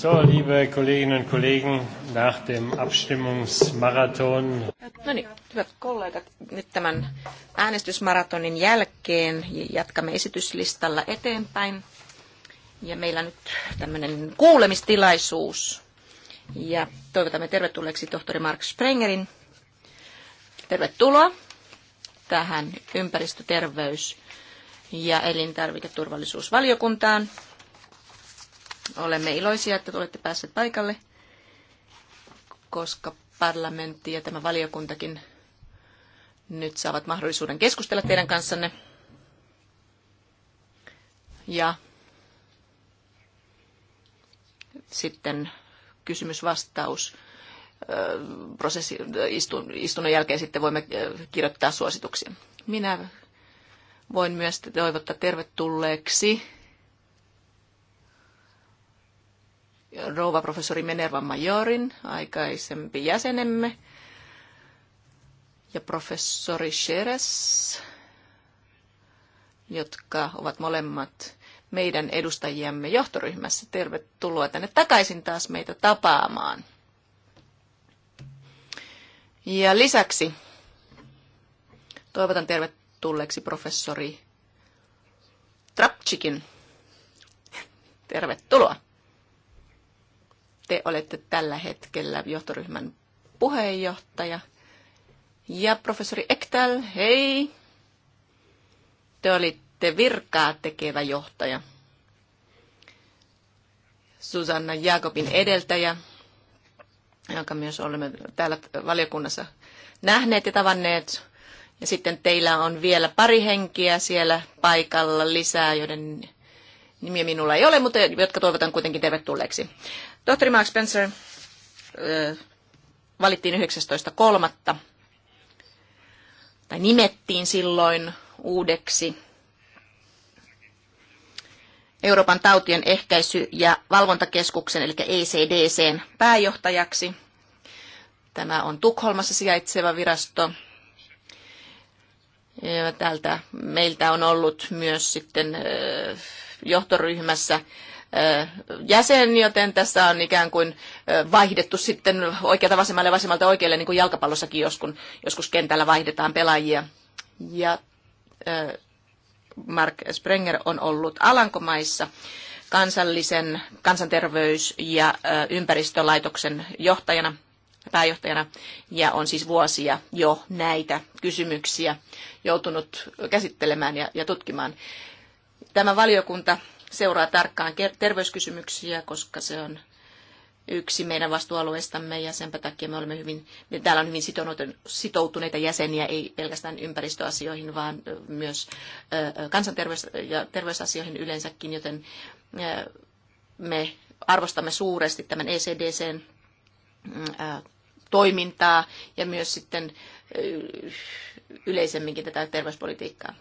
So, liebe Kolleginnen und Kollegen, nach dem Abstimmungsmarathon. No niin, hyvät kollegat, nyt tämän äänestysmaratonin jälkeen jatkamme esityslistalla eteenpäin. Ja meillä on nyt tämmöinen kuulemistilaisuus. Ja toivotamme tervetulleeksi tohtori Mark Sprengerin. Tervetuloa tähän ympäristöterveys- ja elintarviketurvallisuusvaliokuntaan. Olemme iloisia, että olette päässeet paikalle, koska parlamentti ja tämä valiokuntakin nyt saavat mahdollisuuden keskustella teidän kanssanne. Ja sitten kysymysvastaus prosessi, istun, istunnon jälkeen sitten voimme kirjoittaa suosituksia. Minä voin myös toivottaa tervetulleeksi rouva professori Menerva Majorin, aikaisempi jäsenemme, ja professori Sheres, jotka ovat molemmat meidän edustajiamme johtoryhmässä. Tervetuloa tänne takaisin taas meitä tapaamaan. Ja lisäksi toivotan tervetulleeksi professori Trapchikin. Tervetuloa. Te olette tällä hetkellä johtoryhmän puheenjohtaja. Ja professori Ektal, hei! Te olitte virkaa tekevä johtaja. Susanna Jakobin edeltäjä, jonka myös olemme täällä valiokunnassa nähneet ja tavanneet. Ja sitten teillä on vielä pari henkiä siellä paikalla lisää, joiden nimiä minulla ei ole, mutta jotka toivotan kuitenkin tervetulleeksi. Tohtori Mark Spencer valittiin 19.3. tai nimettiin silloin uudeksi Euroopan tautien ehkäisy- ja valvontakeskuksen, eli ECDCn pääjohtajaksi. Tämä on Tukholmassa sijaitseva virasto. Ja täältä meiltä on ollut myös sitten johtoryhmässä jäsen, joten tässä on ikään kuin vaihdettu sitten oikealta vasemmalle vasemmalta oikealle, niin kuin jalkapallossakin joskus, joskus kentällä vaihdetaan pelaajia. Ja Mark Sprenger on ollut Alankomaissa kansallisen kansanterveys- ja ympäristölaitoksen johtajana, pääjohtajana, ja on siis vuosia jo näitä kysymyksiä joutunut käsittelemään ja, ja tutkimaan. Tämä valiokunta seuraa tarkkaan terveyskysymyksiä, koska se on yksi meidän vastuualueistamme ja senpä takia me olemme hyvin, me täällä on hyvin sitoutuneita jäseniä, ei pelkästään ympäristöasioihin, vaan myös kansanterveys- ja terveysasioihin yleensäkin, joten me arvostamme suuresti tämän ECDCn mm, toimintaa ja myös sitten yleisemminkin tätä terveyspolitiikkaa.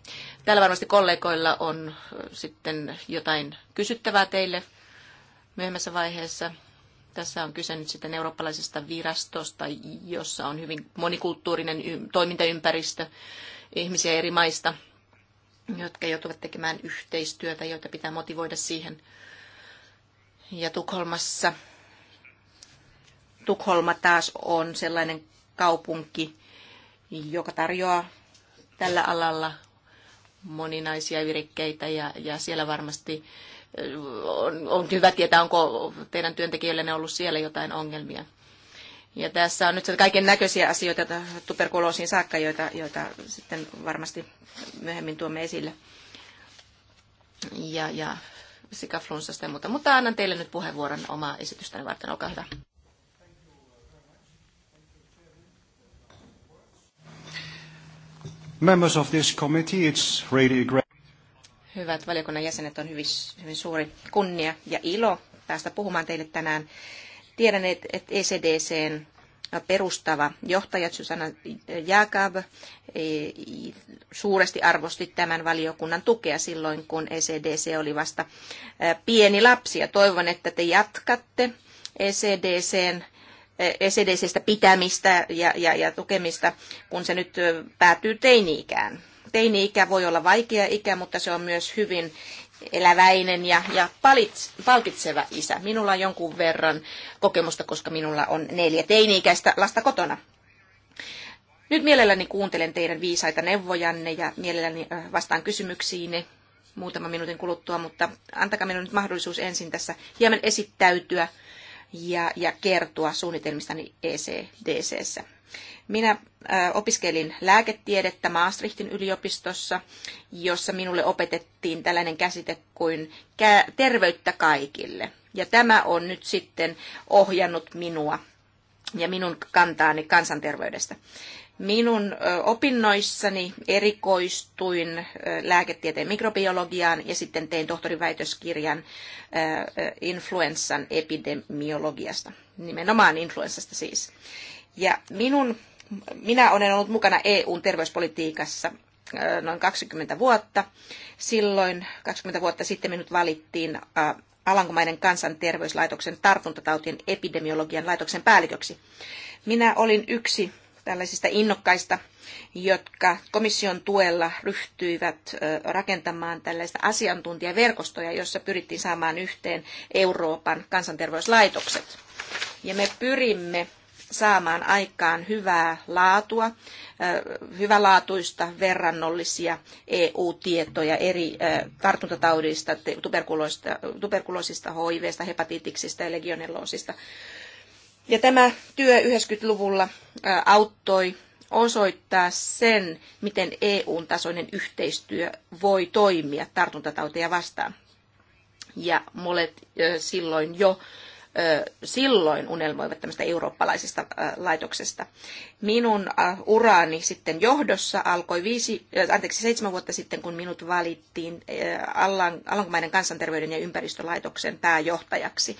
Täällä varmasti kollegoilla on sitten jotain kysyttävää teille myöhemmässä vaiheessa. Tässä on kyse nyt sitten eurooppalaisesta virastosta, jossa on hyvin monikulttuurinen toimintaympäristö ihmisiä eri maista, jotka joutuvat tekemään yhteistyötä, joita pitää motivoida siihen. Ja Tukholmassa, Tukholma taas on sellainen kaupunki, joka tarjoaa tällä alalla moninaisia virikkeitä ja, ja siellä varmasti on, on hyvä tietää, onko teidän työntekijöillenne ollut siellä jotain ongelmia. Ja tässä on nyt kaiken näköisiä asioita tuberkuloosiin saakka, joita, joita sitten varmasti myöhemmin tuomme esille. Ja, ja sikaflunssasta ja muuta. Mutta annan teille nyt puheenvuoron omaa esitystäni varten. Olkaa hyvä. Members of this committee, it's really great. Hyvät valiokunnan jäsenet, on hyvin, hyvin suuri kunnia ja ilo päästä puhumaan teille tänään. Tiedän, että ECDCn e perustava johtaja Susanna Jakab e, suuresti arvosti tämän valiokunnan tukea silloin, kun ECDC oli vasta e, pieni lapsi. Ja toivon, että te jatkatte ECDCn esilisestä pitämistä ja, ja, ja tukemista, kun se nyt päätyy teini-ikään. Teini-ikä voi olla vaikea ikä, mutta se on myös hyvin eläväinen ja, ja palkitseva isä. Minulla on jonkun verran kokemusta, koska minulla on neljä teini-ikäistä lasta kotona. Nyt mielelläni kuuntelen teidän viisaita neuvojanne ja mielelläni vastaan kysymyksiinne muutaman minuutin kuluttua, mutta antakaa minulle nyt mahdollisuus ensin tässä hieman esittäytyä ja, ja kertoa suunnitelmistani ECDCssä. Minä opiskelin lääketiedettä Maastrichtin yliopistossa, jossa minulle opetettiin tällainen käsite kuin terveyttä kaikille. Ja tämä on nyt sitten ohjannut minua ja minun kantaani kansanterveydestä. Minun opinnoissani erikoistuin lääketieteen mikrobiologiaan ja sitten tein tohtoriväitöskirjan influenssan epidemiologiasta, nimenomaan influenssasta siis. Ja minun, minä olen ollut mukana EUn terveyspolitiikassa noin 20 vuotta. Silloin 20 vuotta sitten minut valittiin Alankomaiden kansanterveyslaitoksen tartuntatautien epidemiologian laitoksen päälliköksi. Minä olin yksi tällaisista innokkaista, jotka komission tuella ryhtyivät rakentamaan tällaista asiantuntijaverkostoja, jossa pyrittiin saamaan yhteen Euroopan kansanterveyslaitokset. Ja me pyrimme saamaan aikaan hyvää laatua, hyvälaatuista verrannollisia EU-tietoja eri tartuntataudista, tuberkuloosista, HIVstä, hepatiitiksista ja legionelloosista ja tämä työ 90-luvulla auttoi osoittaa sen, miten EU-tasoinen yhteistyö voi toimia tartuntatauteja vastaan. Ja molet silloin jo silloin unelmoivat tämmöistä eurooppalaisesta laitoksesta. Minun uraani sitten johdossa alkoi viisi, anteeksi, seitsemän vuotta sitten, kun minut valittiin Alankomaiden kansanterveyden ja ympäristölaitoksen pääjohtajaksi.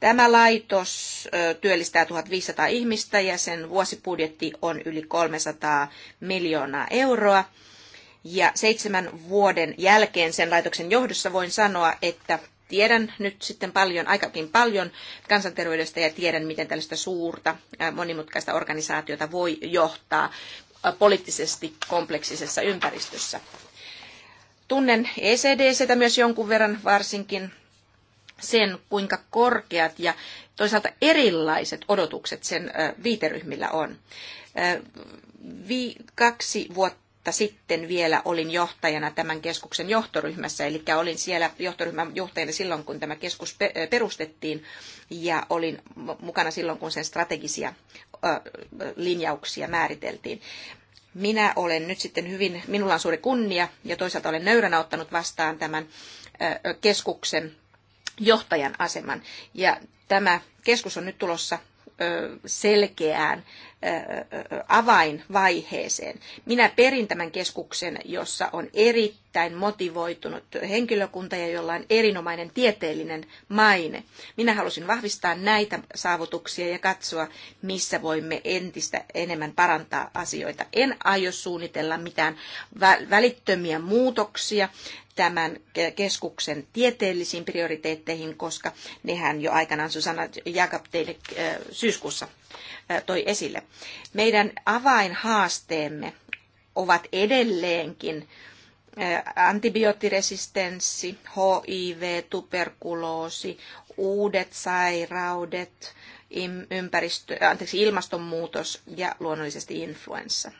Tämä laitos työllistää 1500 ihmistä ja sen vuosipudjetti on yli 300 miljoonaa euroa. Ja seitsemän vuoden jälkeen sen laitoksen johdossa voin sanoa, että tiedän nyt sitten paljon, aikakin paljon kansanterveydestä ja tiedän, miten tällaista suurta monimutkaista organisaatiota voi johtaa poliittisesti kompleksisessa ympäristössä. Tunnen ECDCtä myös jonkun verran varsinkin sen, kuinka korkeat ja toisaalta erilaiset odotukset sen viiteryhmillä on. Vi- kaksi vuotta vuotta sitten vielä olin johtajana tämän keskuksen johtoryhmässä, eli olin siellä johtoryhmän johtajana silloin, kun tämä keskus perustettiin, ja olin mukana silloin, kun sen strategisia linjauksia määriteltiin. Minä olen nyt sitten hyvin, minulla on suuri kunnia, ja toisaalta olen nöyränä ottanut vastaan tämän keskuksen johtajan aseman. Ja tämä keskus on nyt tulossa selkeään avainvaiheeseen. Minä perin tämän keskuksen, jossa on erittäin motivoitunut henkilökunta ja jolla on erinomainen tieteellinen maine. Minä halusin vahvistaa näitä saavutuksia ja katsoa, missä voimme entistä enemmän parantaa asioita. En aio suunnitella mitään välittömiä muutoksia tämän keskuksen tieteellisiin prioriteetteihin, koska nehän jo aikanaan Susanna Jakab teille syyskuussa toi esille. Meidän avainhaasteemme ovat edelleenkin antibioottiresistenssi, HIV, tuberkuloosi, uudet sairaudet, ympäristö, anteeksi, ilmastonmuutos ja luonnollisesti influenssa.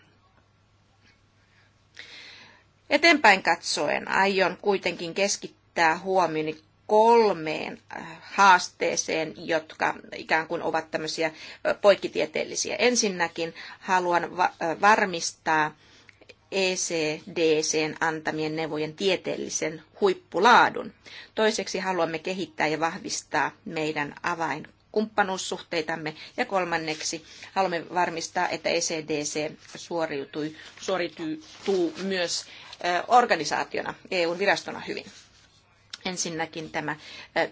Eteenpäin katsoen aion kuitenkin keskittää huomioni kolmeen äh, haasteeseen, jotka ikään kuin ovat tämmöisiä poikkitieteellisiä. Ensinnäkin haluan va- varmistaa ECDCn antamien neuvojen tieteellisen huippulaadun. Toiseksi haluamme kehittää ja vahvistaa meidän avain kumppanuussuhteitamme ja kolmanneksi haluamme varmistaa, että ECDC suoriutuu, suoriutuu myös organisaationa, EUn virastona hyvin. Ensinnäkin tämä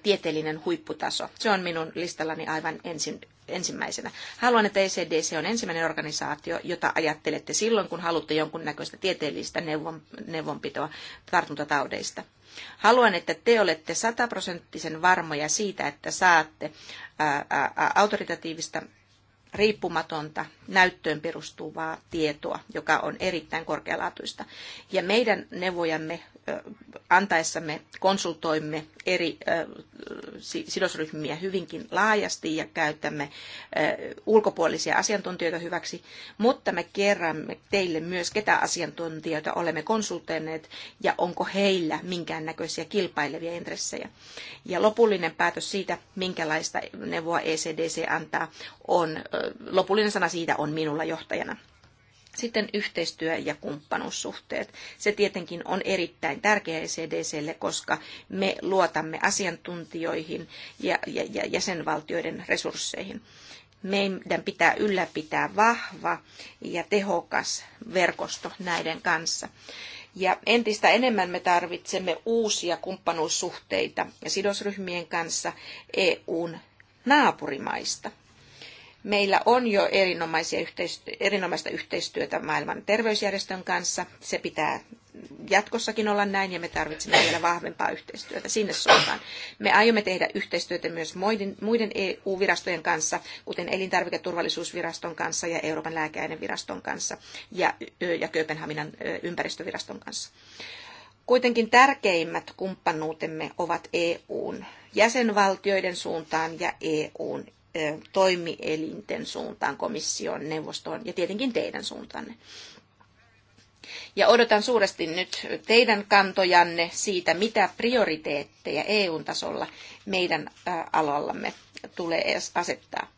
tieteellinen huipputaso. Se on minun listallani aivan ensin, ensimmäisenä. Haluan, että ECDC on ensimmäinen organisaatio, jota ajattelette silloin, kun haluatte jonkunnäköistä tieteellistä neuvon, neuvonpitoa tartuntataudeista. Haluan, että te olette sataprosenttisen varmoja siitä, että saatte ää, ää, autoritatiivista riippumatonta näyttöön perustuvaa tietoa, joka on erittäin korkealaatuista. Ja meidän neuvojamme antaessamme konsultoimme eri sidosryhmiä hyvinkin laajasti ja käytämme ulkopuolisia asiantuntijoita hyväksi, mutta me kerromme teille myös, ketä asiantuntijoita olemme konsultoineet ja onko heillä minkäännäköisiä kilpailevia intressejä. Ja lopullinen päätös siitä, minkälaista neuvoa ECDC antaa, on lopullinen sana siitä on minulla johtajana. Sitten yhteistyö ja kumppanuussuhteet. Se tietenkin on erittäin tärkeä ECDClle, koska me luotamme asiantuntijoihin ja, ja, ja jäsenvaltioiden resursseihin. Meidän pitää ylläpitää vahva ja tehokas verkosto näiden kanssa. Ja entistä enemmän me tarvitsemme uusia kumppanuussuhteita ja sidosryhmien kanssa EUn naapurimaista. Meillä on jo erinomaisia yhteistyö, erinomaista yhteistyötä maailman terveysjärjestön kanssa. Se pitää jatkossakin olla näin ja me tarvitsemme vielä vahvempaa yhteistyötä sinne suuntaan. Me aiomme tehdä yhteistyötä myös muiden, muiden EU-virastojen kanssa, kuten elintarviketurvallisuusviraston kanssa ja Euroopan lääkeaineviraston kanssa ja, ja Kööpenhaminan ympäristöviraston kanssa. Kuitenkin tärkeimmät kumppanuutemme ovat EUn jäsenvaltioiden suuntaan ja EUn toimielinten suuntaan, komission, neuvostoon ja tietenkin teidän suuntanne. Ja odotan suuresti nyt teidän kantojanne siitä, mitä prioriteetteja EU-tasolla meidän alallamme tulee asettaa.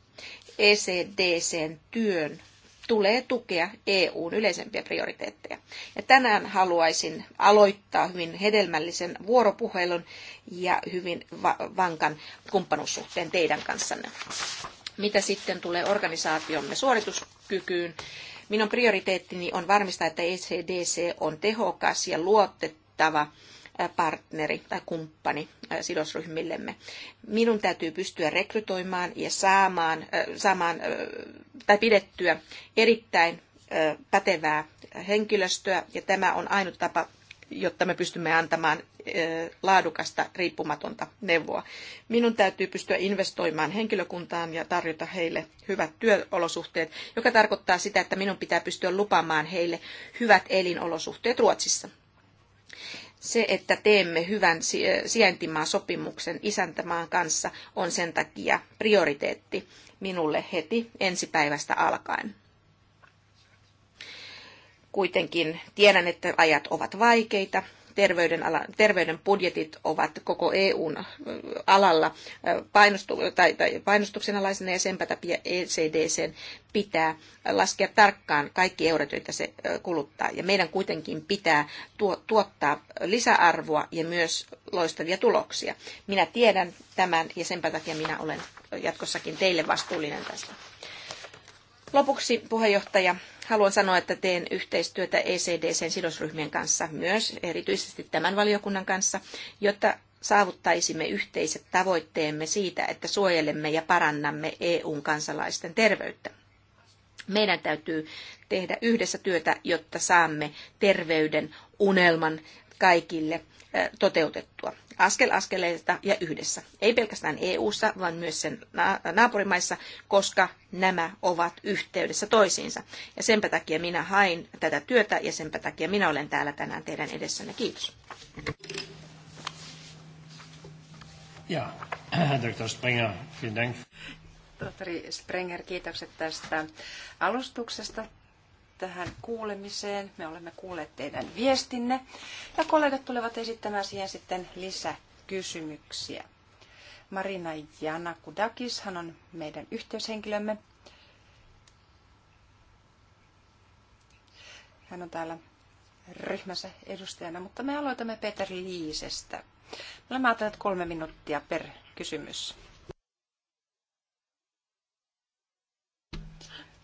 ECDCn työn tulee tukea EUn yleisempiä prioriteetteja. Ja tänään haluaisin aloittaa hyvin hedelmällisen vuoropuhelun ja hyvin va- vankan kumppanuussuhteen teidän kanssanne. Mitä sitten tulee organisaatiomme suorituskykyyn? Minun prioriteettini on varmistaa, että ECDC on tehokas ja luotettava partneri tai kumppani sidosryhmillemme. Minun täytyy pystyä rekrytoimaan ja saamaan, saamaan tai pidettyä erittäin pätevää henkilöstöä ja tämä on ainut tapa, jotta me pystymme antamaan laadukasta, riippumatonta neuvoa. Minun täytyy pystyä investoimaan henkilökuntaan ja tarjota heille hyvät työolosuhteet, joka tarkoittaa sitä, että minun pitää pystyä lupaamaan heille hyvät elinolosuhteet Ruotsissa se, että teemme hyvän sijaintimaan sopimuksen isäntämaan kanssa, on sen takia prioriteetti minulle heti ensipäivästä alkaen. Kuitenkin tiedän, että ajat ovat vaikeita terveyden, ala, terveyden budjetit ovat koko EUn alalla painostu, tai, tai painostuksen alaisena ja senpä takia n e pitää laskea tarkkaan kaikki eurot, joita se kuluttaa. Ja meidän kuitenkin pitää tuottaa lisäarvoa ja myös loistavia tuloksia. Minä tiedän tämän ja senpä takia minä olen jatkossakin teille vastuullinen tästä. Lopuksi puheenjohtaja, haluan sanoa, että teen yhteistyötä ECDCn sidosryhmien kanssa, myös erityisesti tämän valiokunnan kanssa, jotta saavuttaisimme yhteiset tavoitteemme siitä, että suojelemme ja parannamme EUn kansalaisten terveyttä. Meidän täytyy tehdä yhdessä työtä, jotta saamme terveyden unelman kaikille toteutettua askel askeleelta ja yhdessä. Ei pelkästään EU-ssa, vaan myös sen naapurimaissa, koska nämä ovat yhteydessä toisiinsa. Ja senpä takia minä hain tätä työtä ja senpä takia minä olen täällä tänään teidän edessänne. Kiitos. Ja, Dr. Springer, vielen kiitokset tästä alustuksesta tähän kuulemiseen. Me olemme kuulleet teidän viestinne ja kollegat tulevat esittämään siihen sitten lisäkysymyksiä. Marina Janakudakis, hän on meidän yhteyshenkilömme. Hän on täällä ryhmässä edustajana, mutta me aloitamme Peter Liisestä. Me olemme ajatelleet kolme minuuttia per kysymys.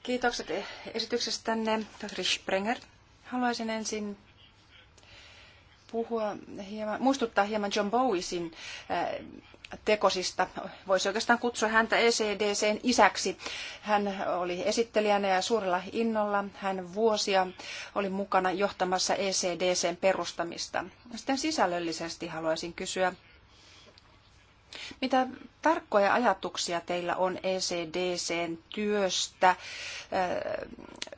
Kiitokset esityksestänne, tohtori Sprenger. Haluaisin ensin puhua hieman, muistuttaa hieman John Bowisin äh, tekosista. Voisi oikeastaan kutsua häntä ECDCn isäksi. Hän oli esittelijänä ja suurella innolla. Hän vuosia oli mukana johtamassa ECDCn perustamista. Sitten sisällöllisesti haluaisin kysyä mitä tarkkoja ajatuksia teillä on ECDCn työstä eh,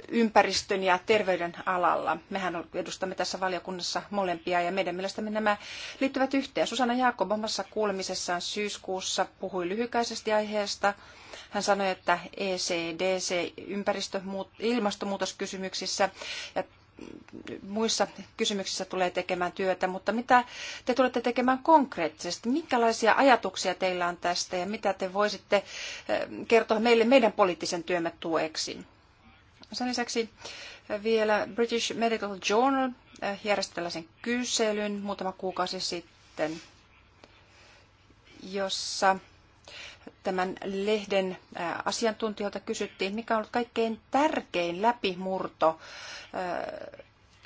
ympäristön ja terveyden alalla? Mehän edustamme tässä valiokunnassa molempia ja meidän mielestämme nämä liittyvät yhteen. Susanna Jaakob omassa kuulemisessaan syyskuussa puhui lyhykäisesti aiheesta. Hän sanoi, että ECDC ympäristö- ilmastonmuutoskysymyksissä ja muissa kysymyksissä tulee tekemään työtä, mutta mitä te tulette tekemään konkreettisesti? Minkälaisia ajatuksia teillä on tästä ja mitä te voisitte eh, kertoa meille meidän poliittisen työmme tueksi? Sen lisäksi eh, vielä British Medical Journal eh, järjesti tällaisen kyselyn muutama kuukausi sitten, jossa tämän lehden asiantuntijoilta kysyttiin, mikä on ollut kaikkein tärkein läpimurto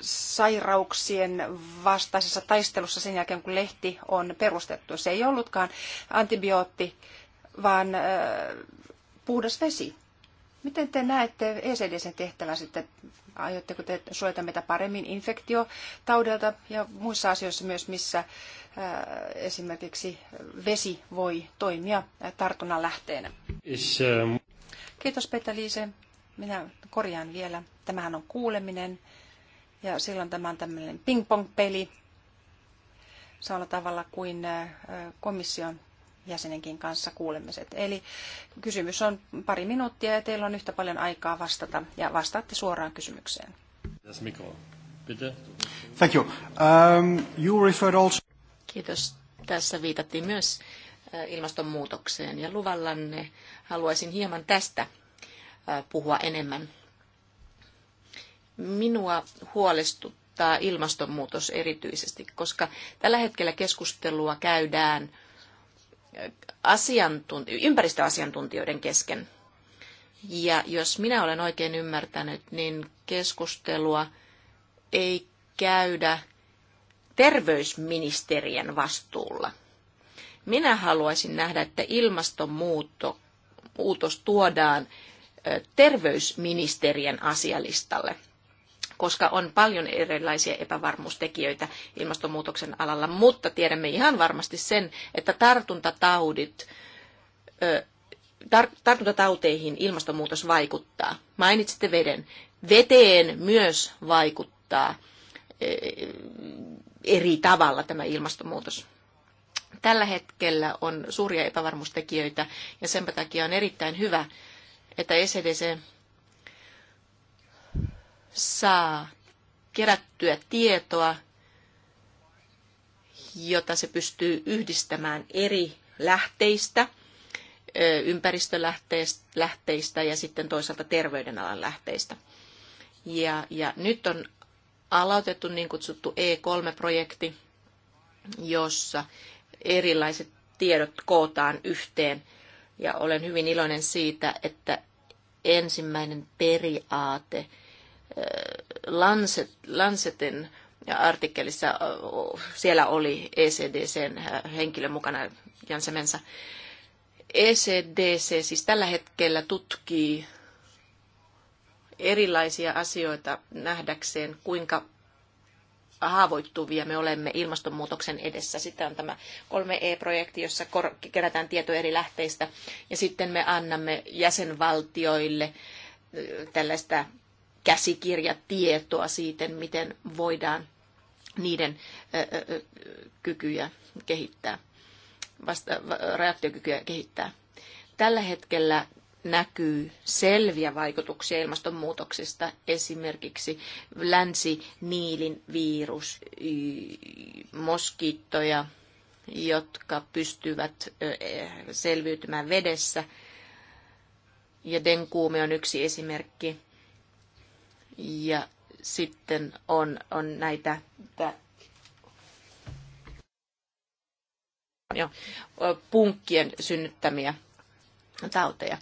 sairauksien vastaisessa taistelussa sen jälkeen, kun lehti on perustettu. Se ei ollutkaan antibiootti, vaan puhdas vesi. Miten te näette ECDCn tehtävän sitten? Aiotteko te suojata meitä paremmin infektiotaudelta ja muissa asioissa myös, missä Äh, esimerkiksi vesi voi toimia tartunnan lähteenä. Äh, Kiitos Petä Liise. Minä korjaan vielä. Tämähän on kuuleminen ja silloin tämä on tämmöinen ping-pong-peli samalla tavalla kuin äh, komission jäsenenkin kanssa kuulemiset. Eli kysymys on pari minuuttia ja teillä on yhtä paljon aikaa vastata ja vastaatte suoraan kysymykseen. Yes, Thank you. Um, you referred also... Kiitos. Tässä viitattiin myös äh, ilmastonmuutokseen ja luvallanne haluaisin hieman tästä äh, puhua enemmän. Minua huolestuttaa ilmastonmuutos erityisesti, koska tällä hetkellä keskustelua käydään äh, asiantunt- ympäristöasiantuntijoiden kesken. Ja jos minä olen oikein ymmärtänyt, niin keskustelua ei käydä terveysministerien vastuulla. Minä haluaisin nähdä, että ilmastonmuutos tuodaan terveysministerien asialistalle, koska on paljon erilaisia epävarmuustekijöitä ilmastonmuutoksen alalla, mutta tiedämme ihan varmasti sen, että tartuntataudit, tartuntatauteihin ilmastonmuutos vaikuttaa. Mainitsitte veden. Veteen myös vaikuttaa eri tavalla tämä ilmastonmuutos. Tällä hetkellä on suuria epävarmuustekijöitä ja sen takia on erittäin hyvä, että ECDC saa kerättyä tietoa, jota se pystyy yhdistämään eri lähteistä, ympäristölähteistä ja sitten toisaalta terveydenalan lähteistä. Ja, ja nyt on aloitettu niin kutsuttu E3-projekti, jossa erilaiset tiedot kootaan yhteen. Ja olen hyvin iloinen siitä, että ensimmäinen periaate Lancet, Lancetin artikkelissa, siellä oli ECDCn henkilö mukana, Jansemensa. ECDC siis tällä hetkellä tutkii erilaisia asioita nähdäkseen, kuinka haavoittuvia me olemme ilmastonmuutoksen edessä. Sitten on tämä 3E-projekti, jossa kerätään tieto eri lähteistä ja sitten me annamme jäsenvaltioille tällaista käsikirjatietoa siitä, miten voidaan niiden kykyjä kehittää, vasta, reaktiokykyä kehittää. Tällä hetkellä näkyy selviä vaikutuksia ilmastonmuutoksesta, esimerkiksi länsiniilin virus, moskittoja, jotka pystyvät e, selviytymään vedessä. Ja denkuume on yksi esimerkki. Ja sitten on, on näitä jo, punkkien synnyttämiä tauteja.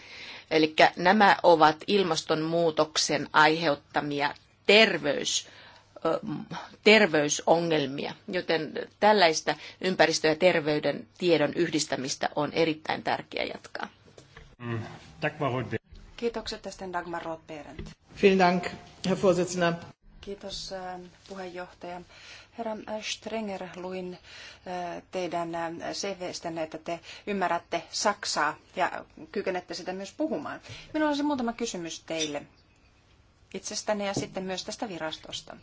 Eli nämä ovat ilmastonmuutoksen aiheuttamia terveys, terveysongelmia, joten tällaista ympäristö- ja terveyden tiedon yhdistämistä on erittäin tärkeää jatkaa. Mm, Kiitokset tästä Dagmar Roth-Berendt. Vielen Dank, Herr Kiitos äh, puheenjohtaja. Herra Strenger, luin äh, teidän äh, CV-stänne, että te ymmärrätte Saksaa ja kykenette sitä myös puhumaan. Minulla olisi muutama kysymys teille itsestäni ja sitten myös tästä virastosta.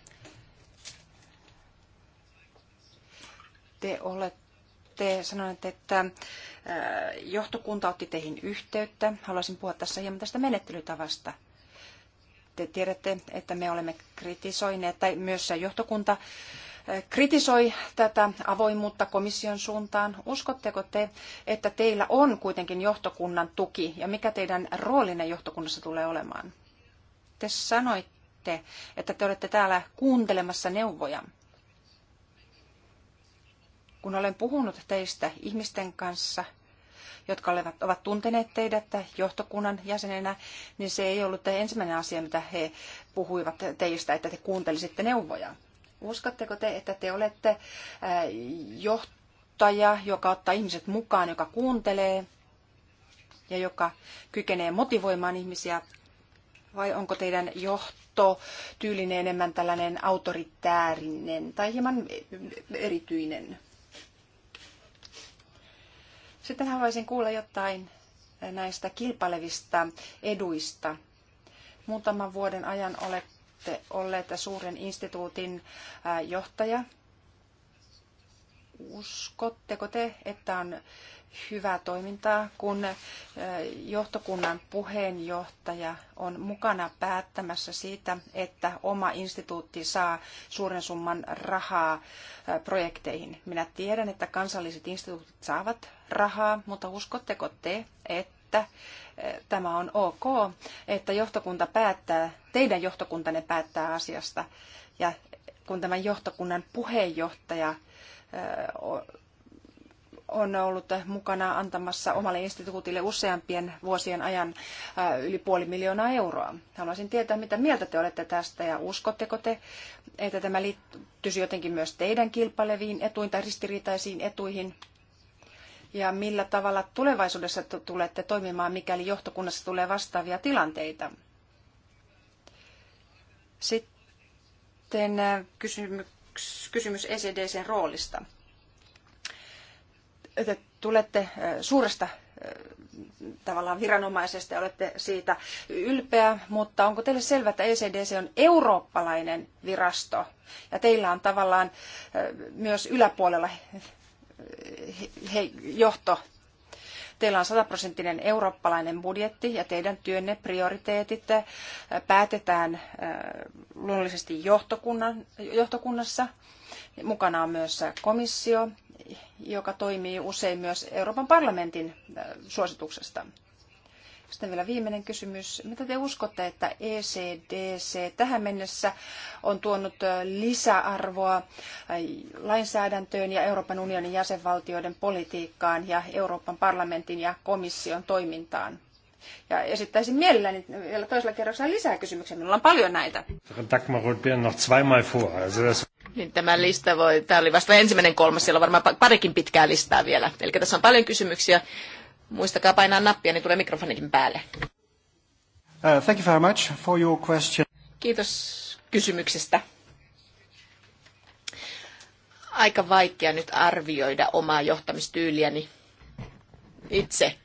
Te olette sanoneet, että äh, johtokunta otti teihin yhteyttä. Haluaisin puhua tässä hieman tästä menettelytavasta te tiedätte, että me olemme kritisoineet, tai myös johtokunta kritisoi tätä avoimuutta komission suuntaan. Uskotteko te, että teillä on kuitenkin johtokunnan tuki ja mikä teidän roolinne johtokunnassa tulee olemaan? Te sanoitte, että te olette täällä kuuntelemassa neuvoja. Kun olen puhunut teistä ihmisten kanssa, jotka ovat tunteneet teidät johtokunnan jäsenenä, niin se ei ollut ensimmäinen asia, mitä he puhuivat teistä, että te kuuntelisitte neuvoja. Uskatteko te, että te olette äh, johtaja, joka ottaa ihmiset mukaan, joka kuuntelee ja joka kykenee motivoimaan ihmisiä? Vai onko teidän johto tyylinen enemmän tällainen autoritäärinen tai hieman erityinen? Sitten haluaisin kuulla jotain näistä kilpailevista eduista. Muutaman vuoden ajan olette olette olleet suuren instituutin johtaja. Uskotteko te, että on hyvää toimintaa, kun johtokunnan puheenjohtaja on mukana päättämässä siitä, että oma instituutti saa suuren summan rahaa projekteihin. Minä tiedän, että kansalliset instituutit saavat rahaa, mutta uskotteko te, että että eh, tämä on ok, että johtokunta päättää, teidän johtokuntanne päättää asiasta. Ja kun tämän johtokunnan puheenjohtaja eh, on ollut mukana antamassa omalle instituutille useampien vuosien ajan eh, yli puoli miljoonaa euroa. Haluaisin tietää, mitä mieltä te olette tästä ja uskotteko te, että tämä liittyisi jotenkin myös teidän kilpaileviin etuihin tai ristiriitaisiin etuihin ja millä tavalla tulevaisuudessa tulette toimimaan, mikäli johtokunnassa tulee vastaavia tilanteita? Sitten äh, kysymys, kysymys e ECDCn roolista. Te tulette äh, suuresta äh, tavallaan viranomaisesta ja olette siitä ylpeä, mutta onko teille selvää, että ECDC on eurooppalainen virasto ja teillä on tavallaan myös yläpuolella he, johto. Teillä on sataprosenttinen eurooppalainen budjetti ja teidän työnne prioriteetit äh, päätetään äh, luonnollisesti johtokunnan, johtokunnassa. Mukana on myös komissio, joka toimii usein myös Euroopan parlamentin äh, suosituksesta. Sitten vielä viimeinen kysymys. Mitä te uskotte, että ECDC tähän mennessä on tuonut lisäarvoa lainsäädäntöön ja Euroopan unionin jäsenvaltioiden politiikkaan ja Euroopan parlamentin ja komission toimintaan? Ja esittäisin mielelläni vielä toisella kerroksella lisää kysymyksiä. Minulla on paljon näitä. Niin tämä lista voi, tämä oli vasta ensimmäinen kolmas, siellä on varmaan parikin pitkää listaa vielä. Eli tässä on paljon kysymyksiä. Muistakaa painaa nappia, niin tulee mikrofonikin päälle. Uh, thank you very much for your question. Kiitos kysymyksestä. Aika vaikea nyt arvioida omaa johtamistyyliäni itse.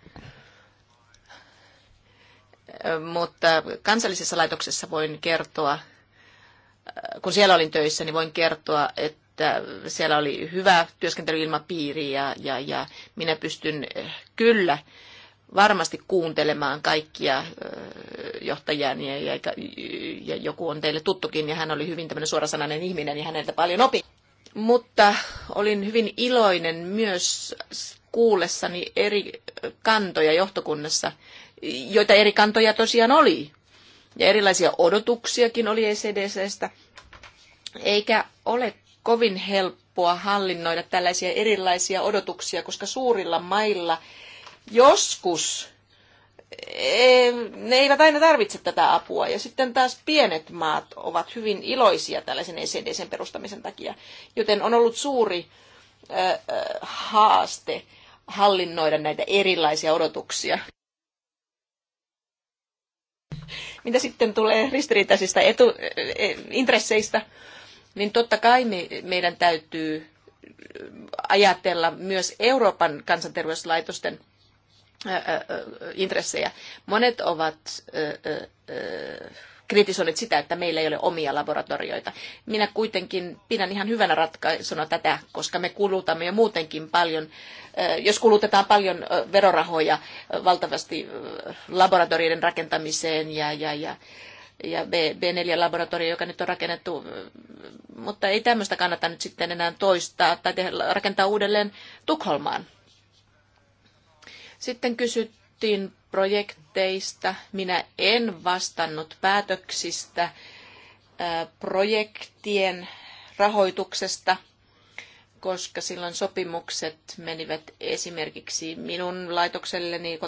Mutta kansallisessa laitoksessa voin kertoa, kun siellä olin töissä, niin voin kertoa, että että siellä oli hyvä työskentelyilmapiiri ja, ja, ja minä pystyn eh, kyllä varmasti kuuntelemaan kaikkia eh, johtajia ja, ja, ja joku on teille tuttukin ja hän oli hyvin tämmöinen suorasanainen ihminen ja häneltä paljon opi Mutta olin hyvin iloinen myös kuullessani eri kantoja johtokunnassa, joita eri kantoja tosiaan oli. Ja erilaisia odotuksiakin oli ECDCstä. Eikä ole kovin helppoa hallinnoida tällaisia erilaisia odotuksia, koska suurilla mailla joskus e, ne eivät aina tarvitse tätä apua. Ja sitten taas pienet maat ovat hyvin iloisia tällaisen ECDCn perustamisen takia. Joten on ollut suuri e, e, haaste hallinnoida näitä erilaisia odotuksia. Mitä sitten tulee ristiriitaisista etu, intresseistä, niin totta kai meidän täytyy ajatella myös Euroopan kansanterveyslaitosten intressejä. Monet ovat kritisoineet sitä, että meillä ei ole omia laboratorioita. Minä kuitenkin pidän ihan hyvänä ratkaisuna tätä, koska me kulutamme jo muutenkin paljon, jos kulutetaan paljon verorahoja valtavasti laboratorioiden rakentamiseen ja, ja, ja ja B4-laboratorio, joka nyt on rakennettu, mutta ei tämmöistä kannata nyt sitten enää toistaa tai rakentaa uudelleen Tukholmaan. Sitten kysyttiin projekteista. Minä en vastannut päätöksistä projektien rahoituksesta – koska silloin sopimukset menivät esimerkiksi minun laitokselleni,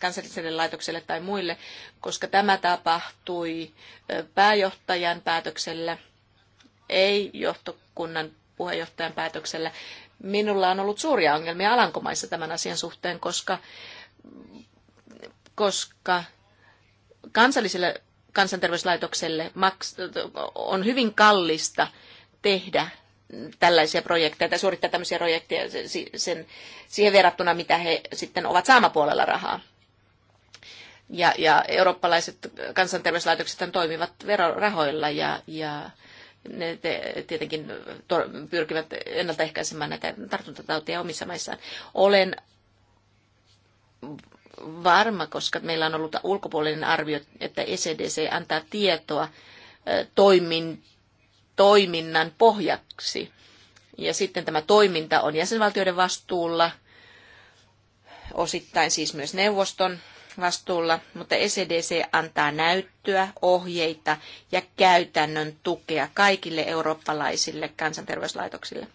kansalliselle laitokselle tai muille, koska tämä tapahtui pääjohtajan päätöksellä, ei johtokunnan puheenjohtajan päätöksellä. Minulla on ollut suuria ongelmia Alankomaissa tämän asian suhteen, koska, koska kansalliselle kansanterveyslaitokselle on hyvin kallista tehdä tällaisia projekteja tai suorittaa tämmöisiä projekteja sen, siihen verrattuna, mitä he sitten ovat saamapuolella rahaa. Ja, ja eurooppalaiset kansanterveyslaitokset toimivat verorahoilla ja, ja ne te, tietenkin to, pyrkivät ennaltaehkäisemään näitä tartuntatautia omissa maissaan. Olen varma, koska meillä on ollut ulkopuolinen arvio, että ECDC antaa tietoa toimintaan toiminnan pohjaksi. Ja sitten tämä toiminta on jäsenvaltioiden vastuulla, osittain siis myös neuvoston vastuulla, mutta ECDC antaa näyttöä, ohjeita ja käytännön tukea kaikille eurooppalaisille kansanterveyslaitoksille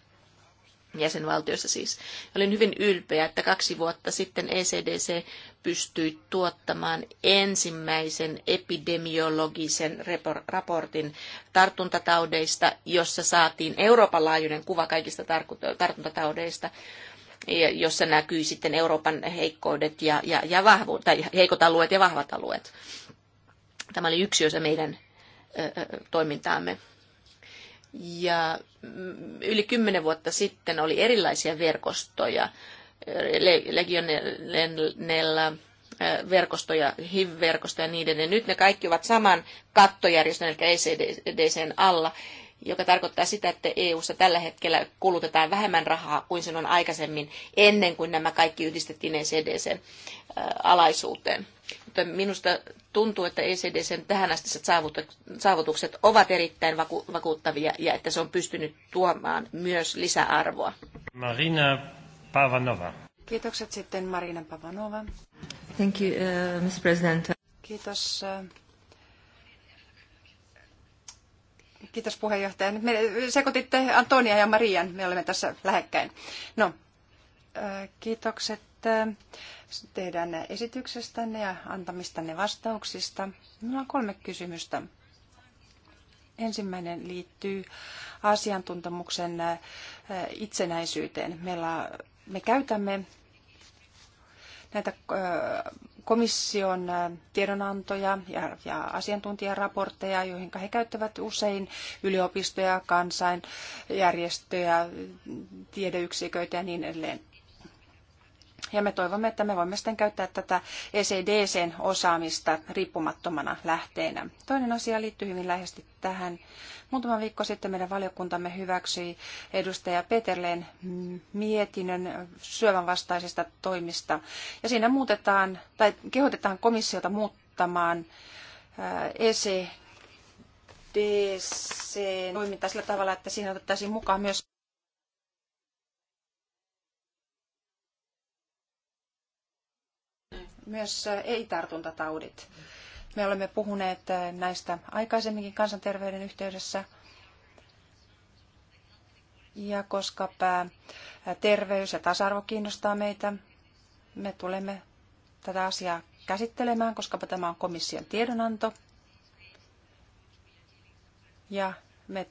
jäsenvaltioissa siis. Olin hyvin ylpeä, että kaksi vuotta sitten ECDC pystyi tuottamaan ensimmäisen epidemiologisen raportin tartuntataudeista, jossa saatiin Euroopan laajuinen kuva kaikista tartuntataudeista jossa näkyy sitten Euroopan heikkoudet ja, ja, ja vahvu, tai heikot alueet ja vahvat alueet. Tämä oli yksi osa meidän ö, toimintaamme. Ja mm, yli kymmenen vuotta sitten oli erilaisia verkostoja, legionella verkostoja, HIV-verkostoja ja niin edelleen. Nyt ne kaikki ovat saman kattojärjestön, eli ECDCn alla, joka tarkoittaa sitä, että EU:ssa tällä hetkellä kulutetaan vähemmän rahaa kuin sen on aikaisemmin ennen kuin nämä kaikki yhdistettiin ECDCn äh, alaisuuteen. Mutta minusta tuntuu, että ECDCn tähänastiset saavutukset ovat erittäin vakuuttavia ja että se on pystynyt tuomaan myös lisäarvoa. Marina Pavanova. Kiitokset sitten Marina Pavanova. Thank you, uh, Mr. President. Kiitos Kiitos puheenjohtaja. Nyt me sekoititte Antonia ja Marian. Me olemme tässä lähekkäin. No, kiitokset teidän esityksestänne ja antamistanne vastauksista. Minulla on kolme kysymystä. Ensimmäinen liittyy asiantuntemuksen itsenäisyyteen. Meillä, me käytämme näitä komission tiedonantoja ja, ja asiantuntijaraportteja, joihin he käyttävät usein yliopistoja, kansainjärjestöjä, tiedeyksiköitä ja niin edelleen. Ja me toivomme, että me voimme sitten käyttää tätä ECDCn osaamista riippumattomana lähteenä. Toinen asia liittyy hyvin läheisesti tähän. Muutama viikko sitten meidän valiokuntamme hyväksyi edustaja Peterleen mietinnön syövän vastaisista toimista. Ja siinä muutetaan tai kehotetaan komissiota muuttamaan ECDCn toimintaa sillä tavalla, että siinä otettaisiin mukaan myös myös ei-tartuntataudit. Me olemme puhuneet näistä aikaisemminkin kansanterveyden yhteydessä. Ja koska terveys ja tasa-arvo kiinnostaa meitä, me tulemme tätä asiaa käsittelemään, koska tämä on komission tiedonanto. Ja me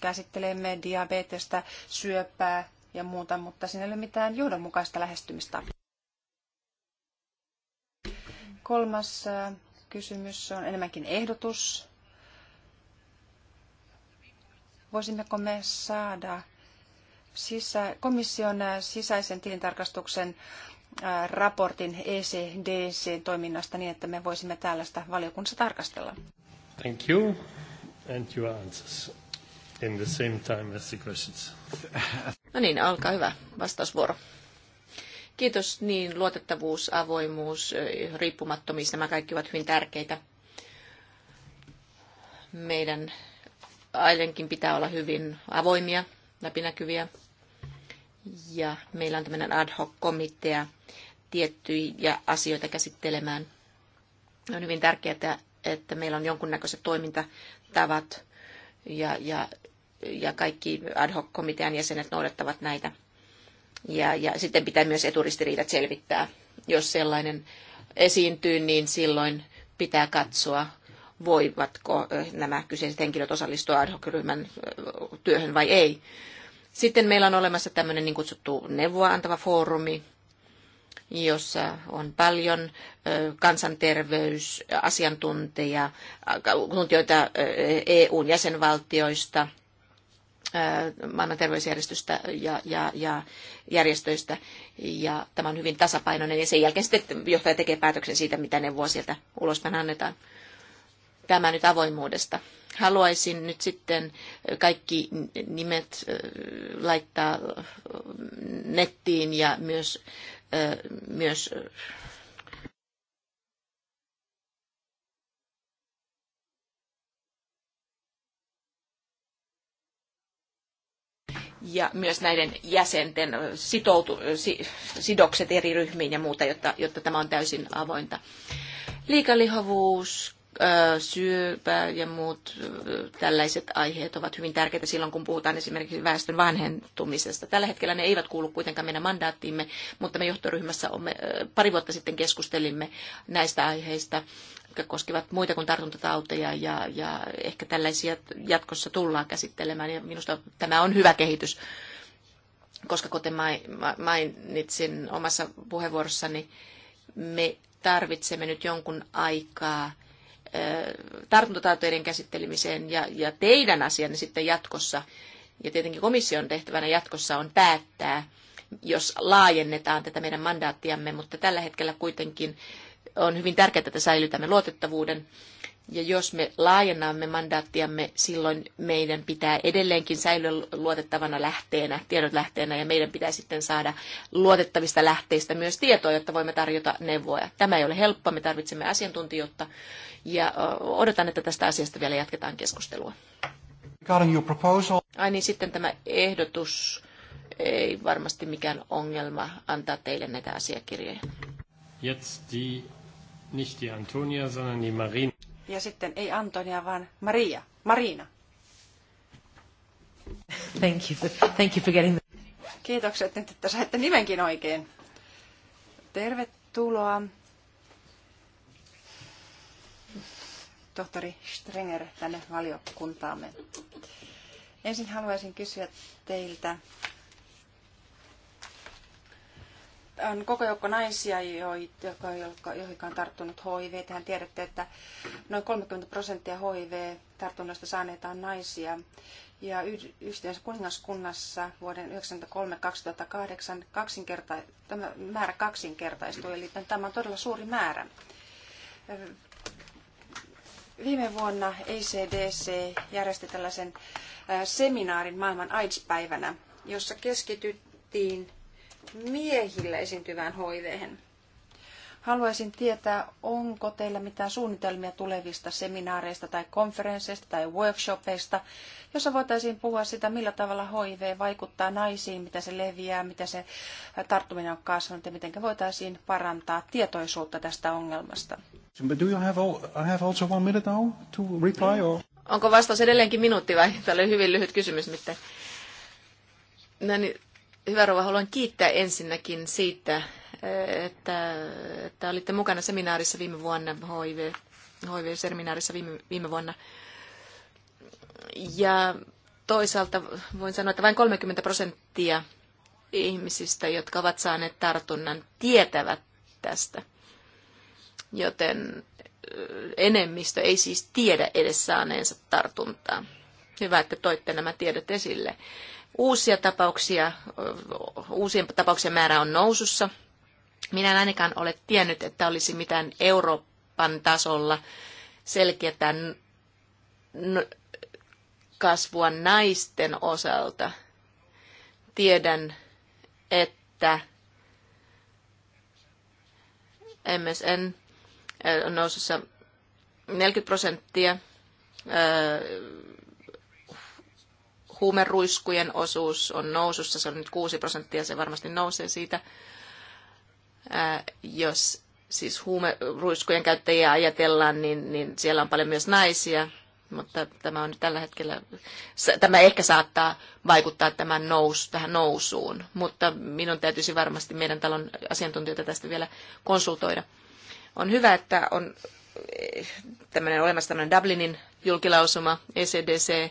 käsittelemme diabetesta, syöpää ja muuta, mutta siinä ei ole mitään johdonmukaista lähestymistapaa. Kolmas äh, kysymys on enemmänkin ehdotus. Voisimmeko me saada sisä, komission äh, sisäisen tilintarkastuksen äh, raportin ECDC-toiminnasta niin, että me voisimme tällaista valiokunnassa tarkastella? Thank you and your answers in the same time as the questions. No niin, alkaa hyvä. Vastausvuoro. Kiitos niin, luotettavuus, avoimuus, riippumattomuus, nämä kaikki ovat hyvin tärkeitä. Meidän ailenkin pitää olla hyvin avoimia, läpinäkyviä. Ja meillä on tämmöinen ad hoc komitea tiettyjä asioita käsittelemään. On hyvin tärkeää, että meillä on jonkunnäköiset toimintatavat ja, ja, ja kaikki ad hoc komitean jäsenet noudattavat näitä ja, ja sitten pitää myös eturistiriidat selvittää. Jos sellainen esiintyy, niin silloin pitää katsoa, voivatko nämä kyseiset henkilöt osallistua ad hoc-ryhmän työhön vai ei. Sitten meillä on olemassa tämmöinen niin kutsuttu neuvoa antava foorumi, jossa on paljon kansanterveysasiantuntijoita EUn jäsenvaltioista – maailman terveysjärjestöstä ja, ja, ja järjestöistä. Ja tämä on hyvin tasapainoinen ja sen jälkeen sitten johtaja tekee päätöksen siitä, mitä neuvoa sieltä ulospäin annetaan. Tämä nyt avoimuudesta. Haluaisin nyt sitten kaikki nimet laittaa nettiin ja myös, myös ja myös näiden jäsenten sitoutu, sidokset eri ryhmiin ja muuta, jotta, jotta tämä on täysin avointa. Liikalihavuus, syöpä ja muut tällaiset aiheet ovat hyvin tärkeitä silloin, kun puhutaan esimerkiksi väestön vanhentumisesta. Tällä hetkellä ne eivät kuulu kuitenkaan meidän mandaattiimme, mutta me johtoryhmässä pari vuotta sitten keskustelimme näistä aiheista jotka koskevat muita kuin tartuntatauteja ja, ja ehkä tällaisia jatkossa tullaan käsittelemään ja minusta tämä on hyvä kehitys, koska kuten mainitsin omassa puheenvuorossani, me tarvitsemme nyt jonkun aikaa tartuntatauteiden käsittelemiseen ja, ja teidän asianne sitten jatkossa ja tietenkin komission tehtävänä jatkossa on päättää, jos laajennetaan tätä meidän mandaattiamme, mutta tällä hetkellä kuitenkin on hyvin tärkeää, että säilytämme luotettavuuden. Ja jos me laajennamme mandaattiamme, silloin meidän pitää edelleenkin säilyä luotettavana lähteenä, tiedot lähteenä, ja meidän pitää sitten saada luotettavista lähteistä myös tietoa, jotta voimme tarjota neuvoja. Tämä ei ole helppoa, me tarvitsemme asiantuntijuutta, ja odotan, että tästä asiasta vielä jatketaan keskustelua. Ai niin, sitten tämä ehdotus. Ei varmasti mikään ongelma antaa teille näitä asiakirjoja. Jetzt die Nicht die Antonia, sondern die Marina. Ja sitten ei Antonia, vaan Maria. Marina. Thank you for, thank you for getting the... Kiitokset nyt, että saitte nimenkin oikein. Tervetuloa. tohtori Strenger tänne valiokuntaamme. Ensin haluaisin kysyä teiltä on koko joukko naisia, joihin on tarttunut HIV. Tähän tiedätte, että noin 30 prosenttia HIV-tartunnoista saaneita on naisia. Ja yhteensä kuningaskunnassa vuoden 1993-2008 kaksinkerta, tämä määrä kaksinkertaistui, eli tämä on todella suuri määrä. Viime vuonna ECDC järjesti tällaisen seminaarin maailman AIDS-päivänä, jossa keskityttiin miehillä esiintyvään hoiveen. Haluaisin tietää, onko teillä mitään suunnitelmia tulevista seminaareista tai konferensseista tai workshopeista, jossa voitaisiin puhua sitä, millä tavalla HIV vaikuttaa naisiin, mitä se leviää, mitä se tarttuminen on kasvanut ja miten voitaisiin parantaa tietoisuutta tästä ongelmasta. Onko vastaus edelleenkin minuutti vai? Tämä oli hyvin lyhyt kysymys Mitte. No niin, Hyvä rouva, haluan kiittää ensinnäkin siitä, että, että olitte mukana seminaarissa viime vuonna, HIV, HIV-seminaarissa viime, viime vuonna. Ja toisaalta voin sanoa, että vain 30 prosenttia ihmisistä, jotka ovat saaneet tartunnan, tietävät tästä. Joten enemmistö ei siis tiedä edes saaneensa tartuntaa. Hyvä, että toitte nämä tiedot esille. Uusia tapauksia, uusien tapauksien määrä on nousussa. Minä en ainakaan ole tiennyt, että olisi mitään Euroopan tasolla selkeätä kasvua naisten osalta. Tiedän, että MSN äh, on nousussa 40 prosenttia äh, huumeruiskujen osuus on nousussa, se on nyt 6 prosenttia, se varmasti nousee siitä. Ää, jos siis huumeruiskujen käyttäjiä ajatellaan, niin, niin siellä on paljon myös naisia, mutta tämä on nyt tällä hetkellä, tämä ehkä saattaa vaikuttaa tämän nous, tähän nousuun, mutta minun täytyisi varmasti meidän talon asiantuntijoita tästä vielä konsultoida. On hyvä, että on eh, tämmöinen olemassa tämmöinen Dublinin julkilausuma, ECDC,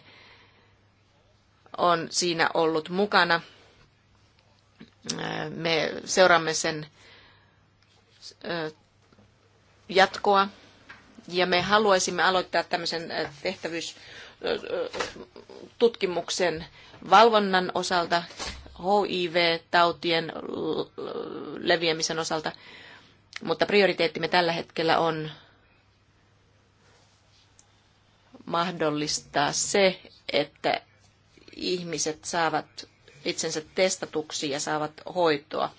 on siinä ollut mukana. Me seuraamme sen jatkoa ja me haluaisimme aloittaa tämmöisen tehtävyystutkimuksen valvonnan osalta, HIV-tautien leviämisen osalta, mutta prioriteettimme tällä hetkellä on mahdollistaa se, että ihmiset saavat itsensä testatuksi ja saavat hoitoa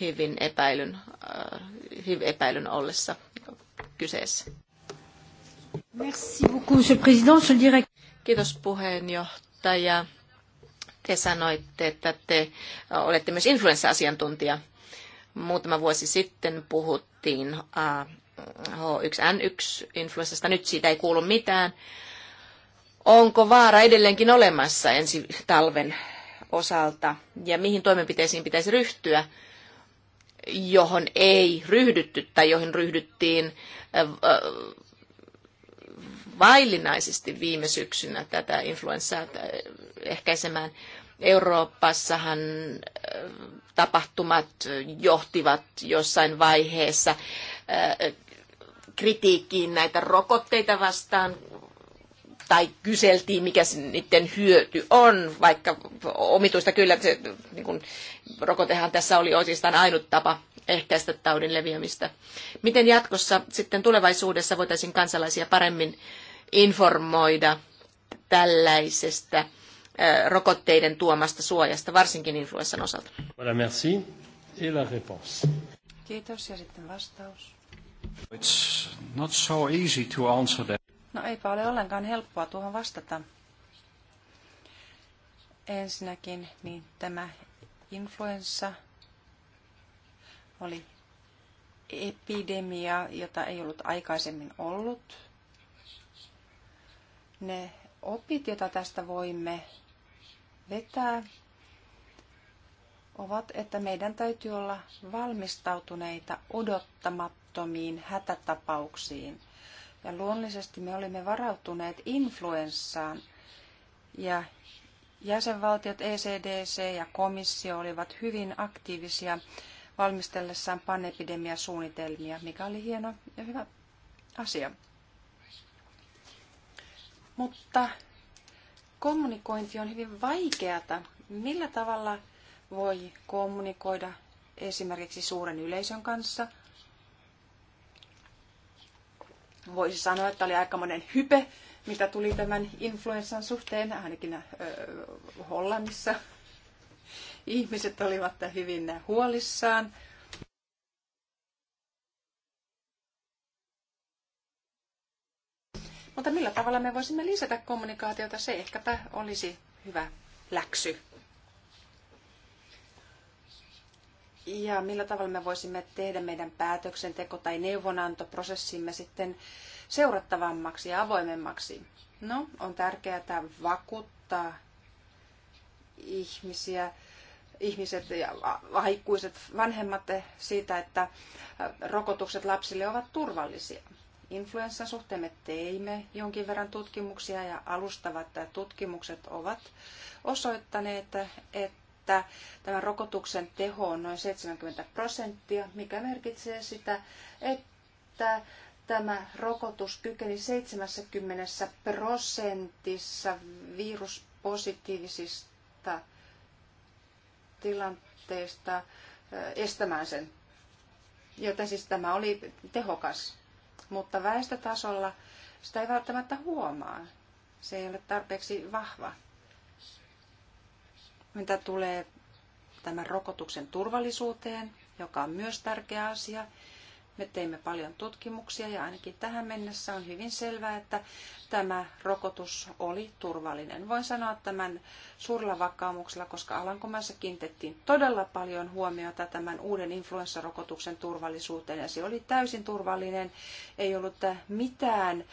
hyvin epäilyn, äh, hyvin epäilyn ollessa kyseessä. Merci beaucoup, monsieur président. Je dirais... Kiitos puheenjohtaja. Te sanoitte, että te olette myös influenssa-asiantuntija. Muutama vuosi sitten puhuttiin H1N1-influenssasta. Äh, Nyt siitä ei kuulu mitään onko vaara edelleenkin olemassa ensi talven osalta ja mihin toimenpiteisiin pitäisi ryhtyä, johon ei ryhdytty tai johon ryhdyttiin vaillinaisesti viime syksynä tätä influenssaa ehkäisemään. Euroopassahan tapahtumat johtivat jossain vaiheessa kritiikkiin näitä rokotteita vastaan tai kyseltiin, mikä niiden hyöty on, vaikka omituista kyllä, se, niin kun, rokotehan tässä oli oikeastaan ainut tapa ehkäistä taudin leviämistä. Miten jatkossa sitten tulevaisuudessa voitaisiin kansalaisia paremmin informoida tällaisesta rokotteiden tuomasta suojasta, varsinkin influenssan osalta? Voilà, merci. Et la réponse. Kiitos ja sitten vastaus. It's not so easy to answer that. No eipä ole ollenkaan helppoa tuohon vastata. Ensinnäkin niin tämä influenssa oli epidemia, jota ei ollut aikaisemmin ollut. Ne opit, joita tästä voimme vetää, ovat, että meidän täytyy olla valmistautuneita odottamattomiin hätätapauksiin. Ja luonnollisesti me olimme varautuneet influenssaan ja jäsenvaltiot, ECDC ja komissio olivat hyvin aktiivisia valmistellessaan panepidemiasuunnitelmia, mikä oli hieno ja hyvä asia. Mutta kommunikointi on hyvin vaikeata. Millä tavalla voi kommunikoida esimerkiksi suuren yleisön kanssa Voisi sanoa, että oli aikamoinen hype, mitä tuli tämän influenssan suhteen, ainakin äh, Hollannissa. Ihmiset olivat hyvin huolissaan. Mutta millä tavalla me voisimme lisätä kommunikaatiota, se ehkäpä olisi hyvä läksy. ja millä tavalla me voisimme tehdä meidän päätöksenteko- tai neuvonantoprosessimme sitten seurattavammaksi ja avoimemmaksi. No, on tärkeää vakuuttaa ihmisiä, ihmiset ja aikuiset vanhemmat siitä, että rokotukset lapsille ovat turvallisia. Influenssan suhteen me teimme jonkin verran tutkimuksia ja alustavat tutkimukset ovat osoittaneet, että että tämän rokotuksen teho on noin 70 prosenttia, mikä merkitsee sitä, että tämä rokotus kykeni 70 prosentissa viruspositiivisista tilanteista eh, estämään sen. Joten siis tämä oli tehokas, mutta väestötasolla sitä ei välttämättä huomaa. Se ei ole tarpeeksi vahva mitä tulee tämän rokotuksen turvallisuuteen, joka on myös tärkeä asia. Me teimme paljon tutkimuksia ja ainakin tähän mennessä on hyvin selvää, että tämä rokotus oli turvallinen. Voin sanoa tämän suurella vakaumuksella, koska Alankomaissa kiinnitettiin todella paljon huomiota tämän uuden influenssarokotuksen turvallisuuteen ja se oli täysin turvallinen. Ei ollut mitään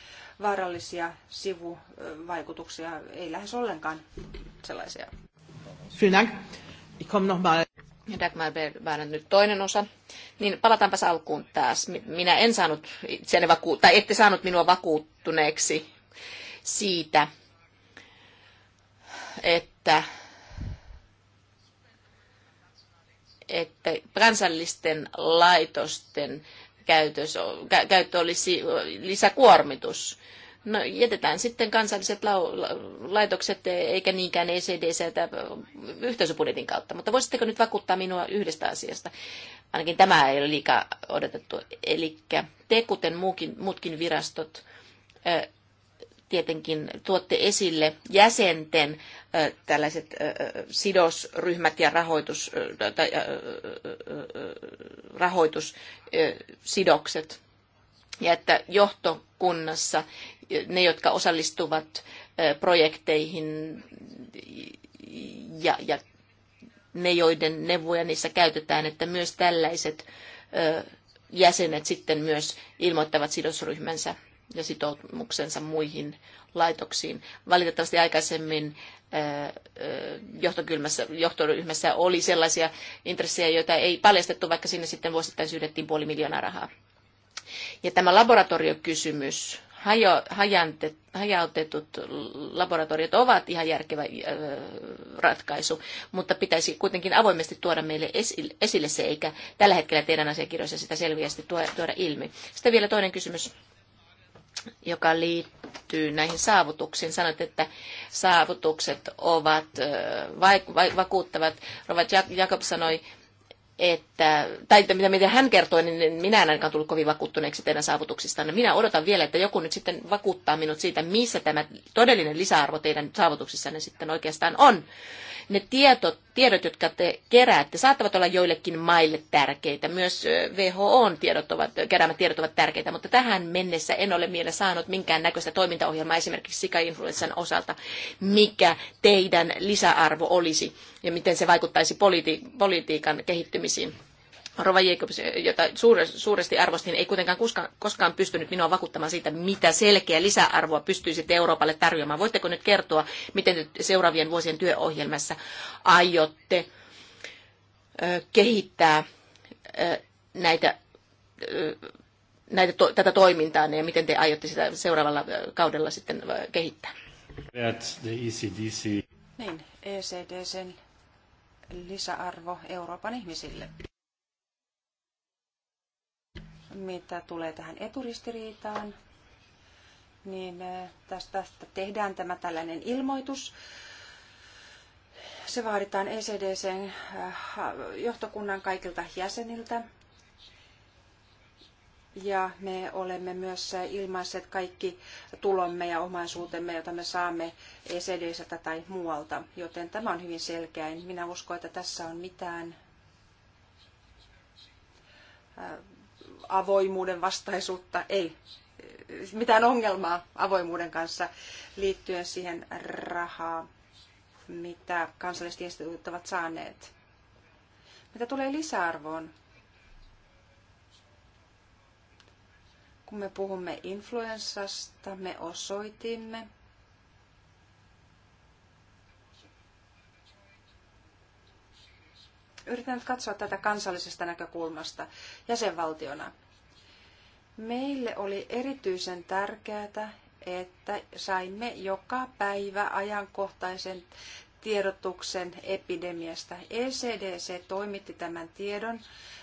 vaarallisia sivuvaikutuksia, ei lähes ollenkaan sellaisia. Vielen Dank. Ich komme nochmal. Dagmar Bärän nyt toinen osa. Niin palataanpa alkuun taas. Minä en saanut itseäni vaku- tai ette saanut minua vakuuttuneeksi siitä, että että kansallisten laitosten käytös, käyttö olisi lisäkuormitus. No, jätetään sitten kansalliset laitokset eikä niinkään ECDC yhteisöbudjetin kautta. Mutta voisitteko nyt vakuuttaa minua yhdestä asiasta? Ainakin tämä ei ole liikaa odotettu. Eli te, kuten muukin, muutkin virastot, tietenkin tuotte esille jäsenten tällaiset sidosryhmät ja rahoitus, tai, rahoitussidokset. Ja että johtokunnassa ne, jotka osallistuvat projekteihin ja, ja ne, joiden neuvoja niissä käytetään, että myös tällaiset jäsenet sitten myös ilmoittavat sidosryhmänsä ja sitoumuksensa muihin laitoksiin. Valitettavasti aikaisemmin johtoryhmässä oli sellaisia intressejä, joita ei paljastettu, vaikka sinne sitten vuosittain syydettiin puoli miljoonaa rahaa. Ja tämä laboratoriokysymys hajo, hajantet, hajautetut laboratoriot ovat ihan järkevä äh, ratkaisu, mutta pitäisi kuitenkin avoimesti tuoda meille esille se, eikä tällä hetkellä teidän asiakirjoissa sitä selviästi tuoda ilmi. Sitten vielä toinen kysymys, joka liittyy näihin saavutuksiin. Sanoit, että saavutukset ovat äh, vakuuttavat. Rovat Jakob sanoi, että, tai että mitä, mitä hän kertoi, niin minä en ainakaan tullut kovin vakuuttuneeksi teidän saavutuksistanne. Minä odotan vielä, että joku nyt sitten vakuuttaa minut siitä, missä tämä todellinen lisäarvo teidän saavutuksissanne sitten oikeastaan on ne tietot, tiedot, jotka te keräätte, saattavat olla joillekin maille tärkeitä. Myös WHOn tiedot ovat, keräämät tiedot ovat tärkeitä, mutta tähän mennessä en ole vielä saanut minkään näköistä toimintaohjelmaa esimerkiksi sikainfluenssan osalta, mikä teidän lisäarvo olisi ja miten se vaikuttaisi politi- politiikan kehittymisiin. Rova Jacobs, jota suuresti arvostin, ei kuitenkaan koskaan pystynyt minua vakuuttamaan siitä, mitä selkeä lisäarvoa pystyisitte Euroopalle tarjoamaan. Voitteko nyt kertoa, miten te seuraavien vuosien työohjelmassa aiotte kehittää näitä, näitä, tätä toimintaa ja miten te aiotte sitä seuraavalla kaudella sitten kehittää? the ECDC. Niin, ECDCn lisäarvo Euroopan ihmisille mitä tulee tähän eturistiriitaan, niin eh, tästä, tehdään tämä tällainen ilmoitus. Se vaaditaan ECDCn eh, johtokunnan kaikilta jäseniltä. Ja me olemme myös eh, ilmaisseet kaikki tulomme ja omaisuutemme, joita me saamme ECDCltä tai muualta, joten tämä on hyvin selkeä. Minä uskon, että tässä on mitään avoimuuden vastaisuutta, ei mitään ongelmaa avoimuuden kanssa liittyen siihen rahaa, mitä kansalliset instituutit ovat saaneet. Mitä tulee lisäarvoon, kun me puhumme influenssasta, me osoitimme, Yritän nyt katsoa tätä kansallisesta näkökulmasta jäsenvaltiona. Meille oli erityisen tärkeää, että saimme joka päivä ajankohtaisen tiedotuksen epidemiasta. ECDC toimitti tämän tiedon.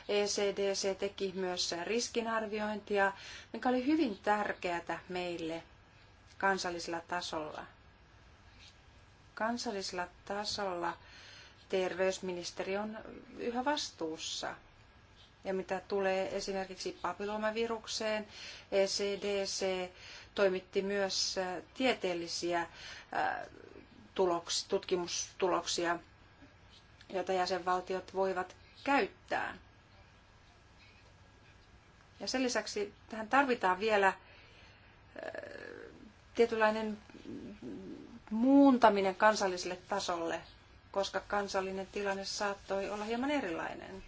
ECDC teki myös riskinarviointia, mikä oli hyvin tärkeää meille kansallisella tasolla. Kansallisella tasolla terveysministeri on yhä vastuussa – ja mitä tulee esimerkiksi papiloomavirukseen, ECDC toimitti myös äh, tieteellisiä äh, tuloks, tutkimustuloksia, joita jäsenvaltiot voivat käyttää. Ja sen lisäksi tähän tarvitaan vielä äh, tietynlainen muuntaminen kansalliselle tasolle, koska kansallinen tilanne saattoi olla hieman erilainen.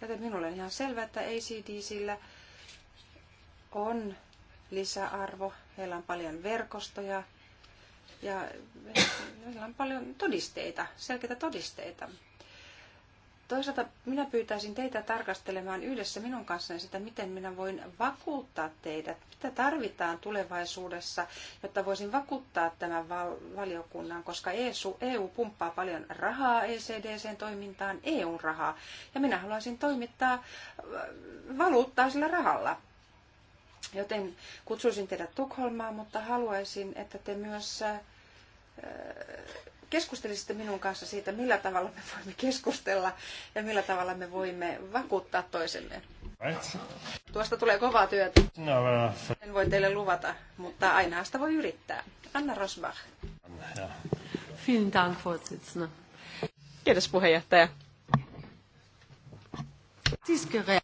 Joten minulle on ihan selvää, että ACDCillä on lisäarvo, heillä on paljon verkostoja ja heillä on paljon todisteita, selkeitä todisteita. Toisaalta minä pyytäisin teitä tarkastelemaan yhdessä minun kanssani sitä, miten minä voin vakuuttaa teidät, mitä tarvitaan tulevaisuudessa, jotta voisin vakuuttaa tämän valiokunnan, koska EU, EU pumppaa paljon rahaa ECDCn toimintaan, eu rahaa, ja minä haluaisin toimittaa äh, valuuttaa sillä rahalla. Joten kutsuisin teidät Tukholmaan, mutta haluaisin, että te myös äh, keskustelisitte minun kanssa siitä, millä tavalla me voimme keskustella ja millä tavalla me voimme vakuuttaa toisemme. Tuosta tulee kovaa työtä. No, uh, en voi teille luvata, mutta aina sitä voi yrittää. Anna Rosbach. Vielen Dank, Vorsitzende. Kiitos puheenjohtaja. Siis kyllä.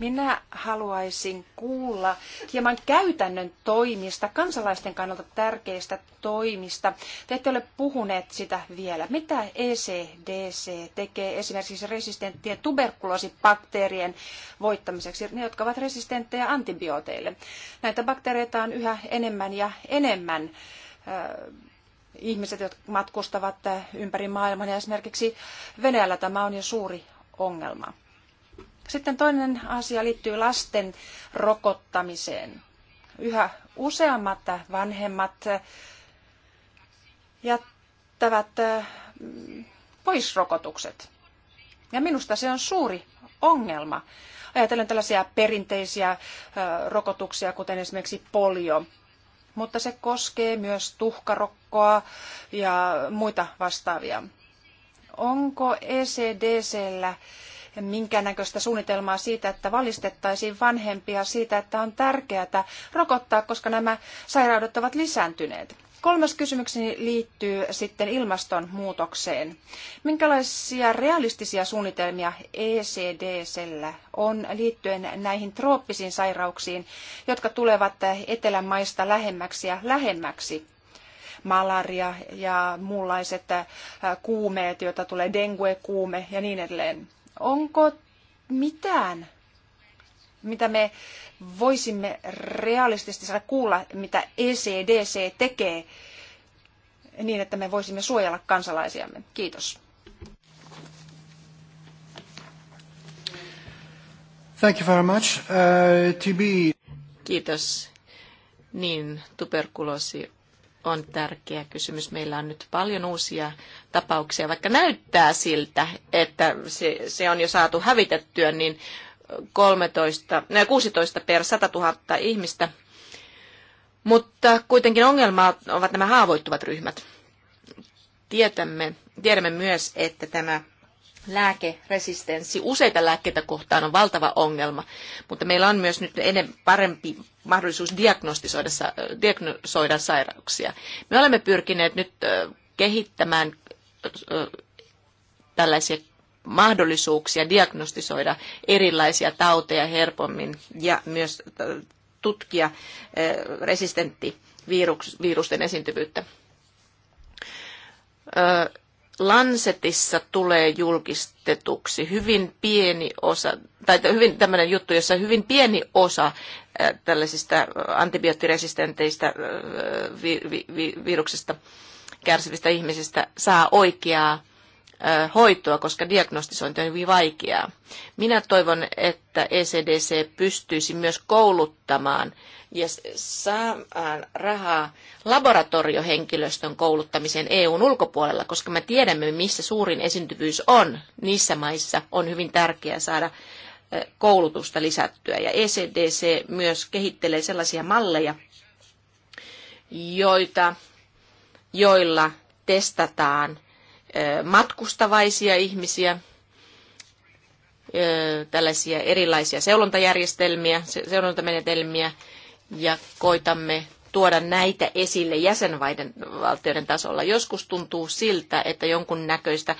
Minä haluaisin kuulla hieman käytännön toimista, kansalaisten kannalta tärkeistä toimista. Te ette ole puhuneet sitä vielä. Mitä ECDC tekee esimerkiksi resistenttien tuberkuloosibakteerien voittamiseksi, ne jotka ovat resistenttejä antibiooteille? Näitä bakteereita on yhä enemmän ja enemmän ihmiset, jotka matkustavat ympäri maailman ja esimerkiksi Venäjällä tämä on jo suuri ongelma. Sitten toinen asia liittyy lasten rokottamiseen. Yhä useammat vanhemmat jättävät pois rokotukset. Ja minusta se on suuri ongelma. Ajatellen tällaisia perinteisiä rokotuksia, kuten esimerkiksi polio, mutta se koskee myös tuhkarokkoa ja muita vastaavia. Onko ECDCllä minkäännäköistä suunnitelmaa siitä, että valistettaisiin vanhempia siitä, että on tärkeää rokottaa, koska nämä sairaudet ovat lisääntyneet. Kolmas kysymykseni liittyy sitten ilmastonmuutokseen. Minkälaisia realistisia suunnitelmia ECDsellä on liittyen näihin trooppisiin sairauksiin, jotka tulevat etelämaista lähemmäksi ja lähemmäksi? Malaria ja muunlaiset äh, kuumeet, joita tulee dengue-kuume ja niin edelleen. Onko mitään, mitä me voisimme realistisesti saada kuulla, mitä ECDC tekee niin, että me voisimme suojella kansalaisiamme? Kiitos. Thank you very much. Uh, be... Kiitos. Niin, tuberkuloosi on tärkeä kysymys. Meillä on nyt paljon uusia tapauksia, vaikka näyttää siltä, että se, se on jo saatu hävitettyä, niin 13, 16 per 100 000 ihmistä. Mutta kuitenkin ongelma ovat nämä haavoittuvat ryhmät. Tietämme, tiedämme myös, että tämä lääkeresistenssi useita lääkkeitä kohtaan on valtava ongelma, mutta meillä on myös nyt enemmän parempi mahdollisuus diagnostisoida, diagnosoida sairauksia. Me olemme pyrkineet nyt kehittämään tällaisia mahdollisuuksia diagnostisoida erilaisia tauteja helpommin ja myös tutkia resistentti virusten esiintyvyyttä Lancetissa tulee julkistetuksi hyvin pieni osa, tai hyvin tämmöinen juttu, jossa hyvin pieni osa äh, tällaisista äh, antibioottiresistenteistä äh, vi, vi, vi, viruksista kärsivistä ihmisistä saa oikeaa hoitoa, koska diagnostisointi on hyvin vaikeaa. Minä toivon, että ECDC pystyisi myös kouluttamaan ja saamaan rahaa laboratoriohenkilöstön kouluttamiseen EUn ulkopuolella, koska me tiedämme, missä suurin esiintyvyys on. Niissä maissa on hyvin tärkeää saada koulutusta lisättyä. Ja ECDC myös kehittelee sellaisia malleja, joita, joilla testataan matkustavaisia ihmisiä, tällaisia erilaisia seulontajärjestelmiä, seulontamenetelmiä ja koitamme tuoda näitä esille jäsenvaltioiden tasolla. Joskus tuntuu siltä, että jonkun näköistä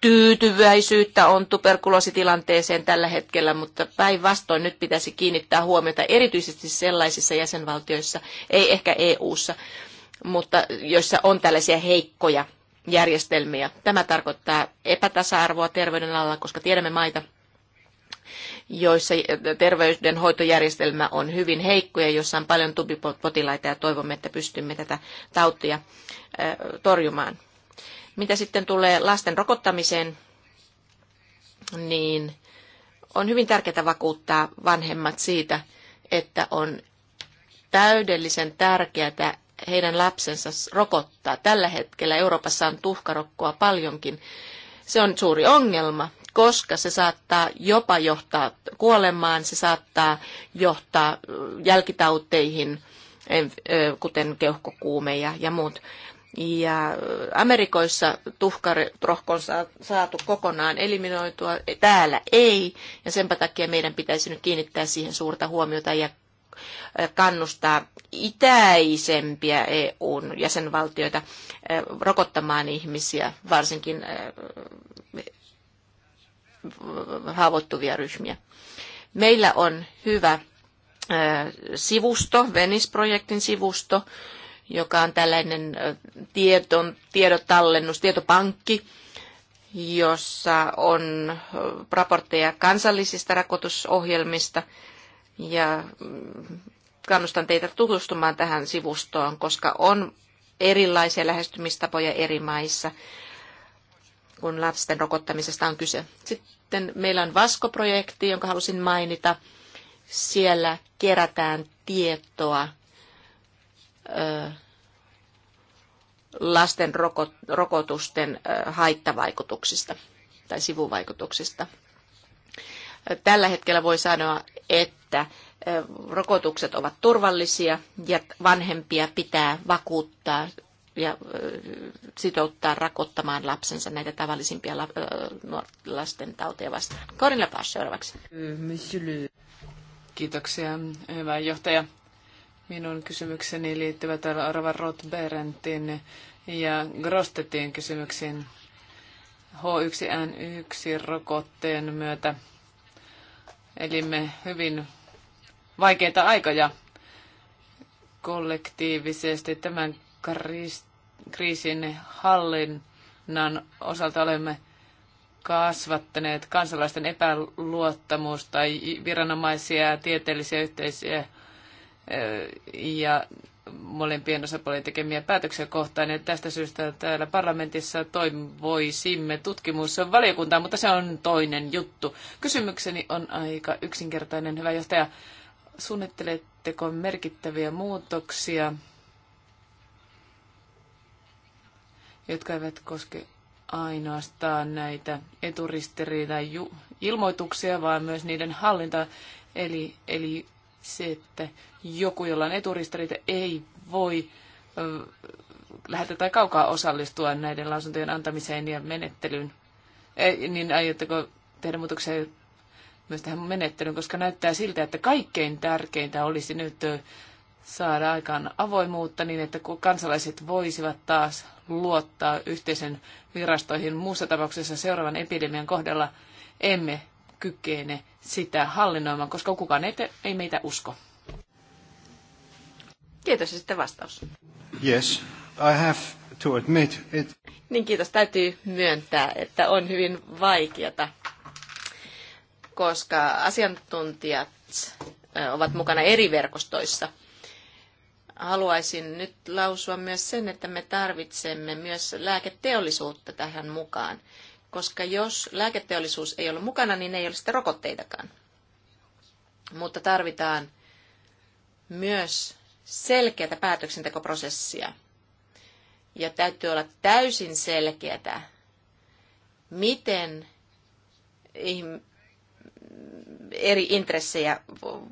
tyytyväisyyttä on tuberkuloositilanteeseen tällä hetkellä, mutta päinvastoin nyt pitäisi kiinnittää huomiota erityisesti sellaisissa jäsenvaltioissa, ei ehkä EU-ssa, mutta joissa on tällaisia heikkoja järjestelmiä. Tämä tarkoittaa epätasa-arvoa terveydenalalla, koska tiedämme maita, joissa terveydenhoitojärjestelmä on hyvin heikko ja joissa on paljon tubipotilaita ja toivomme, että pystymme tätä tautia torjumaan. Mitä sitten tulee lasten rokottamiseen, niin on hyvin tärkeää vakuuttaa vanhemmat siitä, että on täydellisen tärkeää, heidän lapsensa rokottaa. Tällä hetkellä Euroopassa on tuhkarokkoa paljonkin. Se on suuri ongelma, koska se saattaa jopa johtaa kuolemaan, se saattaa johtaa jälkitauteihin, kuten keuhkokuume ja, ja muut. Ja Amerikoissa tuhkarohko on saatu kokonaan eliminoitua, täällä ei, ja sen takia meidän pitäisi nyt kiinnittää siihen suurta huomiota ja kannustaa itäisempiä EUn jäsenvaltioita rokottamaan ihmisiä, varsinkin haavoittuvia ryhmiä. Meillä on hyvä sivusto, Venice-projektin sivusto, joka on tällainen tiedon, tiedotallennus, tietopankki, jossa on raportteja kansallisista rakotusohjelmista – ja mm, kannustan teitä tutustumaan tähän sivustoon, koska on erilaisia lähestymistapoja eri maissa, kun lasten rokottamisesta on kyse. Sitten meillä on Vasko-projekti, jonka halusin mainita. Siellä kerätään tietoa lasten rokotusten haittavaikutuksista tai sivuvaikutuksista. Tällä hetkellä voi sanoa, että että rokotukset ovat turvallisia ja vanhempia pitää vakuuttaa ja sitouttaa rakottamaan lapsensa näitä tavallisimpia lasten tauteja vastaan. Corinne Lepage seuraavaksi. Kiitoksia, hyvä johtaja. Minun kysymykseni liittyvät Rava Rothberentin ja Grostetin kysymyksiin. H1N1 rokotteen myötä elimme hyvin vaikeita aikoja kollektiivisesti tämän kriisin hallinnan osalta olemme kasvattaneet kansalaisten epäluottamusta, viranomaisia, tieteellisiä yhteisiä ja molempien osapuolien tekemiä päätöksiä kohtaan. Ja tästä syystä täällä parlamentissa toivoisimme tutkimusvaliokuntaa, mutta se on toinen juttu. Kysymykseni on aika yksinkertainen, hyvä johtaja. Suunnitteletteko merkittäviä muutoksia, jotka eivät koske ainoastaan näitä eturistiriita-ilmoituksia, vaan myös niiden hallintaa? Eli, eli se, että joku, jolla on eturistiriita, ei voi lähetä tai kaukaa osallistua näiden lausuntojen antamiseen ja menettelyyn. niin aiotteko tehdä muutoksia, myös tähän menettelyyn, koska näyttää siltä, että kaikkein tärkeintä olisi nyt saada aikaan avoimuutta niin, että kansalaiset voisivat taas luottaa yhteisen virastoihin. Muussa tapauksessa seuraavan epidemian kohdalla emme kykene sitä hallinnoimaan, koska kukaan ei, te, ei meitä usko. Kiitos ja sitten vastaus. Yes, I have to admit it. Niin kiitos, täytyy myöntää, että on hyvin vaikeata koska asiantuntijat ovat mukana eri verkostoissa. Haluaisin nyt lausua myös sen, että me tarvitsemme myös lääketeollisuutta tähän mukaan, koska jos lääketeollisuus ei ole mukana, niin ei ole sitä rokotteitakaan. Mutta tarvitaan myös selkeätä päätöksentekoprosessia. Ja täytyy olla täysin selkeätä, miten eri intressejä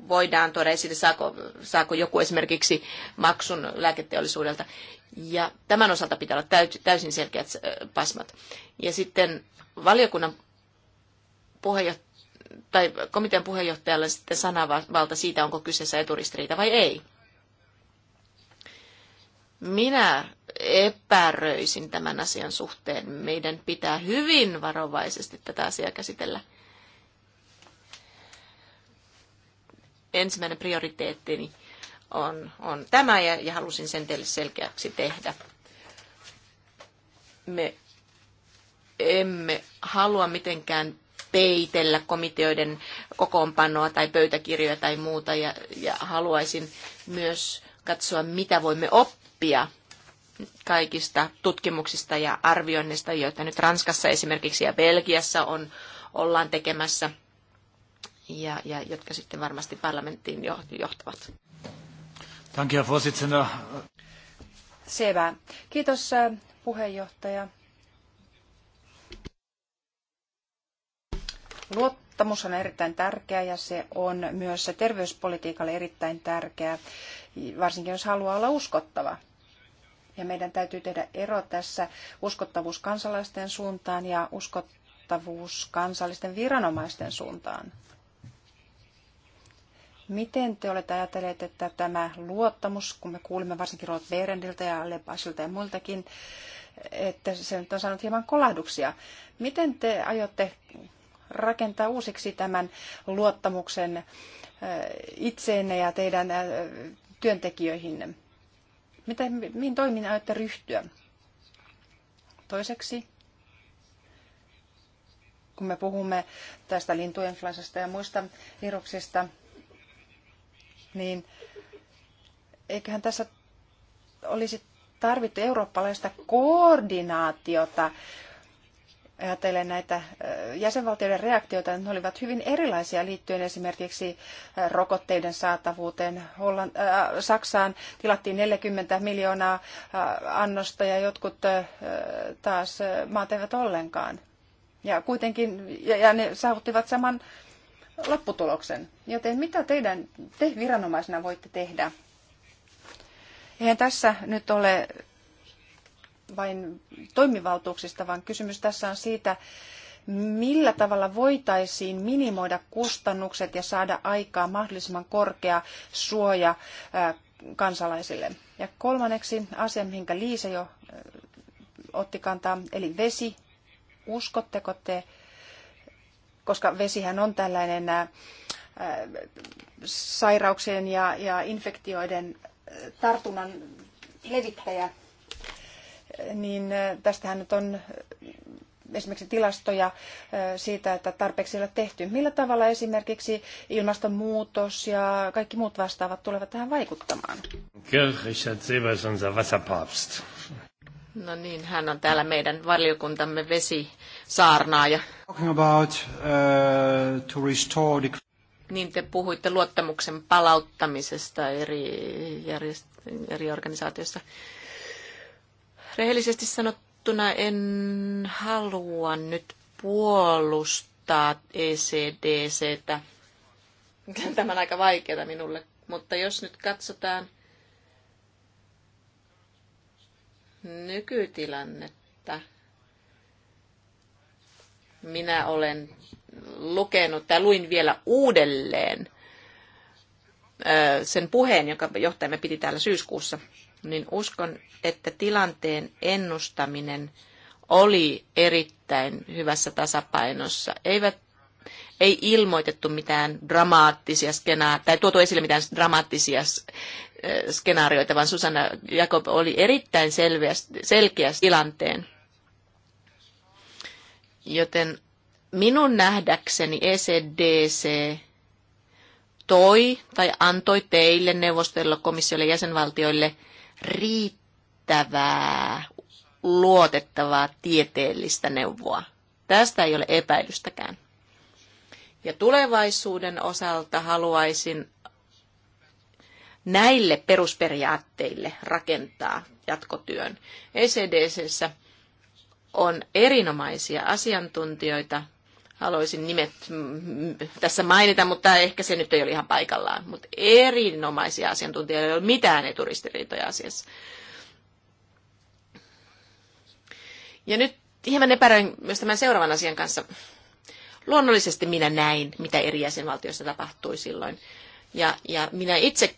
voidaan tuoda esille, saako, saako joku esimerkiksi maksun lääketeollisuudelta. Ja tämän osalta pitää olla täysin selkeät pasmat. Ja sitten valiokunnan puheenjohtaja tai komitean puheenjohtajalle sitten sanavalta siitä, onko kyseessä eturistiriita vai ei. Minä epäröisin tämän asian suhteen. Meidän pitää hyvin varovaisesti tätä asiaa käsitellä – ensimmäinen prioriteettini on, on tämä ja, ja halusin sen teille selkeäksi tehdä. Me emme halua mitenkään peitellä komiteoiden kokoonpanoa tai pöytäkirjoja tai muuta ja, ja haluaisin myös katsoa, mitä voimme oppia kaikista tutkimuksista ja arvioinnista, joita nyt Ranskassa esimerkiksi ja Belgiassa on, ollaan tekemässä – ja, ja jotka sitten varmasti parlamenttiin johtavat. Danke, Herr Kiitos äh, puheenjohtaja. Luottamus on erittäin tärkeä ja se on myös terveyspolitiikalle erittäin tärkeä, varsinkin jos haluaa olla uskottava. Ja meidän täytyy tehdä ero tässä uskottavuus kansalaisten suuntaan ja uskottavuus kansallisten viranomaisten suuntaan. Miten te olette ajatelleet, että tämä luottamus, kun me kuulimme varsinkin Rod Berendiltä ja Lepasilta ja muiltakin, että se nyt on saanut hieman kolahduksia. Miten te aiotte rakentaa uusiksi tämän luottamuksen äh, itseenne ja teidän äh, työntekijöihinne? Miten, mihin toimiin aiotte ryhtyä? Toiseksi, kun me puhumme tästä lintuinfluenssasta ja muista viruksista, niin eiköhän tässä olisi tarvittu eurooppalaista koordinaatiota ajatellen näitä jäsenvaltioiden reaktioita, ne olivat hyvin erilaisia liittyen esimerkiksi rokotteiden saatavuuteen. Holland, äh, Saksaan tilattiin 40 miljoonaa annosta ja jotkut äh, taas maat eivät ollenkaan. Ja kuitenkin, ja, ja ne saavuttivat saman lopputuloksen. Joten mitä teidän, te viranomaisena voitte tehdä? Eihän tässä nyt ole vain toimivaltuuksista, vaan kysymys tässä on siitä, millä tavalla voitaisiin minimoida kustannukset ja saada aikaa mahdollisimman korkea suoja kansalaisille. Ja kolmanneksi asia, minkä Liisa jo otti kantaa, eli vesi. Uskotteko te, koska vesihän on tällainen äh, sairauksien ja, ja infektioiden äh, tartunnan levittäjä, äh, niin tästähän nyt on esimerkiksi tilastoja siitä, että tarpeeksi ei ole tehty. Millä tavalla esimerkiksi ilmastonmuutos ja kaikki muut vastaavat tulevat tähän vaikuttamaan? Richard unser Wasserpapst. No niin, hän on täällä meidän valiokuntamme vesisaarnaaja. Talking about, uh, to restore the... Niin te puhuitte luottamuksen palauttamisesta eri, järjest- eri organisaatioissa. Rehellisesti sanottuna en halua nyt puolustaa ECDCtä. Tämä on aika vaikeaa minulle, mutta jos nyt katsotaan nykytilannetta. Minä olen lukenut tai luin vielä uudelleen sen puheen, jonka johtajamme piti täällä syyskuussa, niin uskon, että tilanteen ennustaminen oli erittäin hyvässä tasapainossa. Eivät, ei ilmoitettu mitään dramaattisia skenaa, tai tuotu esille mitään dramaattisia skenaarioita, vaan Susanna Jakob oli erittäin selkeä tilanteen. Joten minun nähdäkseni ECDC toi tai antoi teille neuvostoille, komissiolle, jäsenvaltioille riittävää, luotettavaa tieteellistä neuvoa. Tästä ei ole epäilystäkään. Ja tulevaisuuden osalta haluaisin näille perusperiaatteille rakentaa jatkotyön. ECDCssä on erinomaisia asiantuntijoita. Haluaisin nimet tässä mainita, mutta ehkä se nyt ei ole ihan paikallaan. Mutta erinomaisia asiantuntijoita ei ole mitään eturistiriitoja asiassa. Ja nyt hieman epäröin myös tämän seuraavan asian kanssa. Luonnollisesti minä näin, mitä eri jäsenvaltioissa tapahtui silloin. Ja, ja minä itse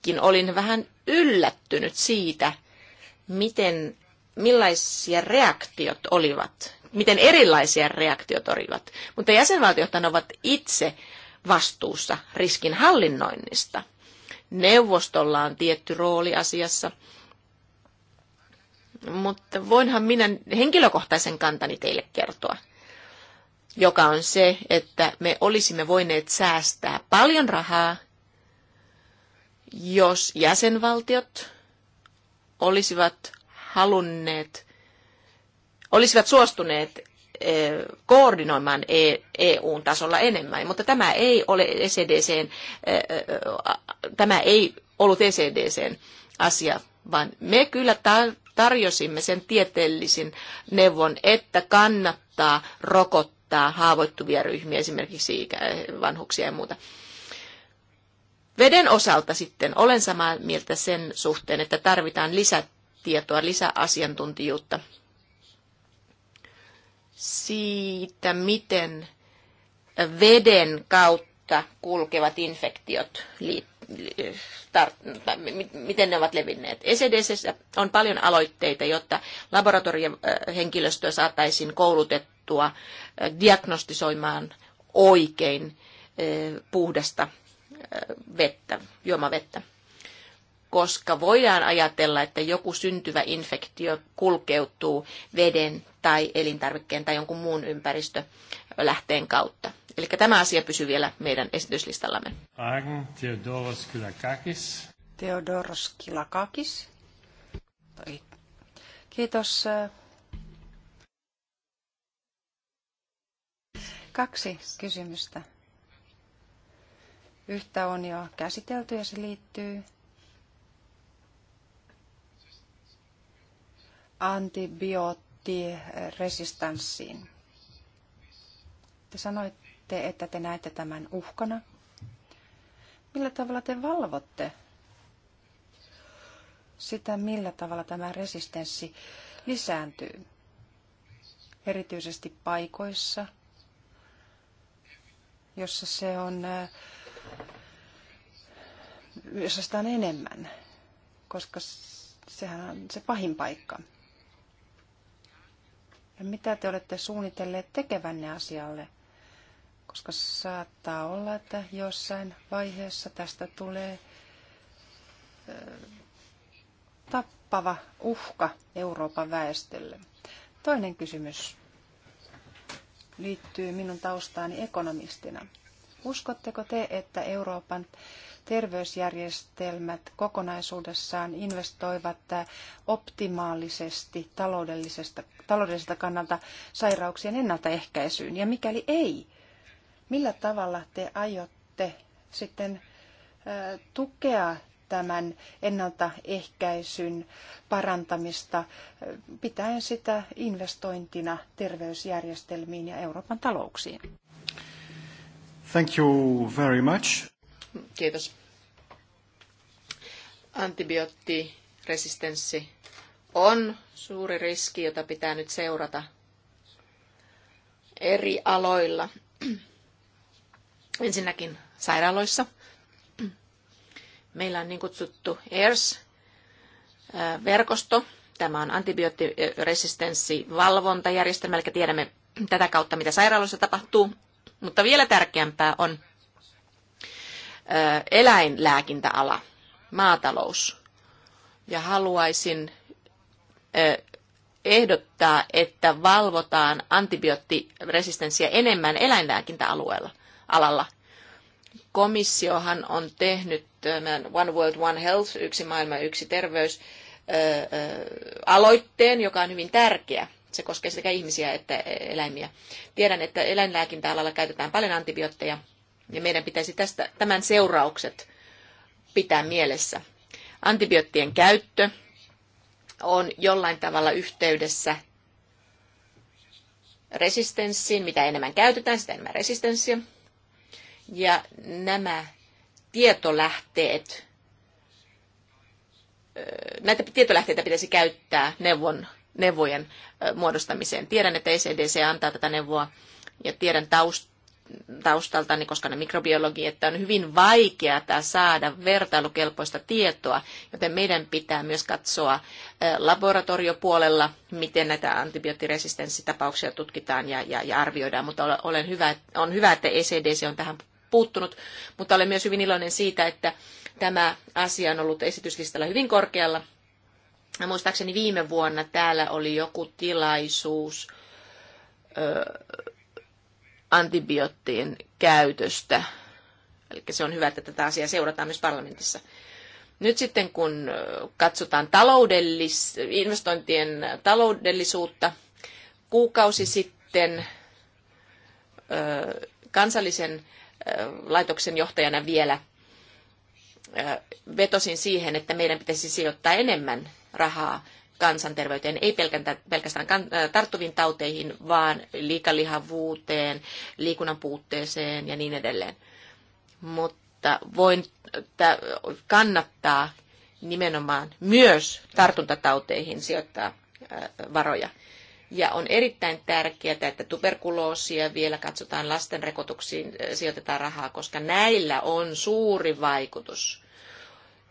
itsekin olin vähän yllättynyt siitä, miten, millaisia reaktiot olivat, miten erilaisia reaktiot olivat. Mutta jäsenvaltiothan ovat itse vastuussa riskin hallinnoinnista. Neuvostolla on tietty rooli asiassa, mutta voinhan minä henkilökohtaisen kantani teille kertoa, joka on se, että me olisimme voineet säästää paljon rahaa jos jäsenvaltiot olisivat halunneet, olisivat suostuneet eh, koordinoimaan EUn e tasolla enemmän, mutta tämä ei ole ECDCn, eh, eh, tämä ei ollut ECDCn asia, vaan me kyllä tarjosimme sen tieteellisin neuvon, että kannattaa rokottaa haavoittuvia ryhmiä, esimerkiksi vanhuksia ja muuta. Veden osalta sitten olen samaa mieltä sen suhteen, että tarvitaan lisätietoa, lisäasiantuntijuutta siitä, miten veden kautta kulkevat infektiot miten ne ovat levinneet. ECDCssä on paljon aloitteita, jotta laboratoriohenkilöstöä saataisiin koulutettua diagnostisoimaan oikein puhdasta vettä, juomavettä. Koska voidaan ajatella, että joku syntyvä infektio kulkeutuu veden tai elintarvikkeen tai jonkun muun ympäristölähteen kautta. Eli tämä asia pysyy vielä meidän esityslistallamme. Arn Theodoros Kilakakis. Theodoros Kilakakis. Kiitos. Kaksi kysymystä. Yhtä on jo käsitelty ja se liittyy antibioottiresistanssiin. Te sanoitte, että te näette tämän uhkana. Millä tavalla te valvotte sitä, millä tavalla tämä resistenssi lisääntyy? Erityisesti paikoissa, jossa se on äh, myös ostaan enemmän, koska sehän on se pahin paikka. Ja mitä te olette suunnitelleet tekevänne asialle? Koska saattaa olla, että jossain vaiheessa tästä tulee tappava uhka Euroopan väestölle. Toinen kysymys liittyy minun taustaani ekonomistina. Uskotteko te, että Euroopan terveysjärjestelmät kokonaisuudessaan investoivat optimaalisesti taloudellisesta, taloudellisesta kannalta sairauksien ennaltaehkäisyyn? Ja mikäli ei, millä tavalla te aiotte sitten tukea tämän ennaltaehkäisyn parantamista pitäen sitä investointina terveysjärjestelmiin ja Euroopan talouksiin? Thank you very much. Kiitos. Antibioottiresistenssi on suuri riski, jota pitää nyt seurata eri aloilla. Ensinnäkin sairaaloissa. Meillä on niin kutsuttu ERS-verkosto. Tämä on antibioottiresistenssivalvontajärjestelmä, eli tiedämme tätä kautta, mitä sairaaloissa tapahtuu. Mutta vielä tärkeämpää on eläinlääkintäala maatalous. Ja haluaisin ehdottaa, että valvotaan antibioottiresistenssiä enemmän eläinlääkintäalueella alalla. Komissiohan on tehnyt One World One Health, yksi maailma, yksi terveys, aloitteen, joka on hyvin tärkeä. Se koskee sekä ihmisiä että eläimiä. Tiedän, että eläinlääkintäalalla käytetään paljon antibiootteja, ja meidän pitäisi tästä, tämän seuraukset pitää mielessä. Antibioottien käyttö on jollain tavalla yhteydessä resistenssiin. Mitä enemmän käytetään, sitä enemmän resistenssiä. Ja nämä tietolähteet, näitä tietolähteitä pitäisi käyttää neuvon, neuvojen muodostamiseen. Tiedän, että ECDC antaa tätä neuvoa ja tiedän taust, taustaltani, koska ne mikrobiologi, että on hyvin vaikeaa saada vertailukelpoista tietoa, joten meidän pitää myös katsoa laboratoriopuolella, miten näitä antibioottiresistenssitapauksia tutkitaan ja, ja, ja arvioidaan, mutta olen hyvä, on hyvä, että ECDC on tähän puuttunut, mutta olen myös hyvin iloinen siitä, että tämä asia on ollut esityslistalla hyvin korkealla. Ja muistaakseni viime vuonna täällä oli joku tilaisuus, öö, antibioottien käytöstä. Eli se on hyvä, että tätä asiaa seurataan myös parlamentissa. Nyt sitten kun katsotaan taloudellis, investointien taloudellisuutta, kuukausi sitten kansallisen laitoksen johtajana vielä vetosin siihen, että meidän pitäisi sijoittaa enemmän rahaa kansanterveyteen, ei pelkästään äh, tarttuviin tauteihin, vaan liikalihavuuteen, liikunnan puutteeseen ja niin edelleen. Mutta voin kannattaa nimenomaan myös tartuntatauteihin sijoittaa äh, varoja. Ja on erittäin tärkeää, että tuberkuloosia vielä katsotaan lasten rekotuksiin, äh, sijoitetaan rahaa, koska näillä on suuri vaikutus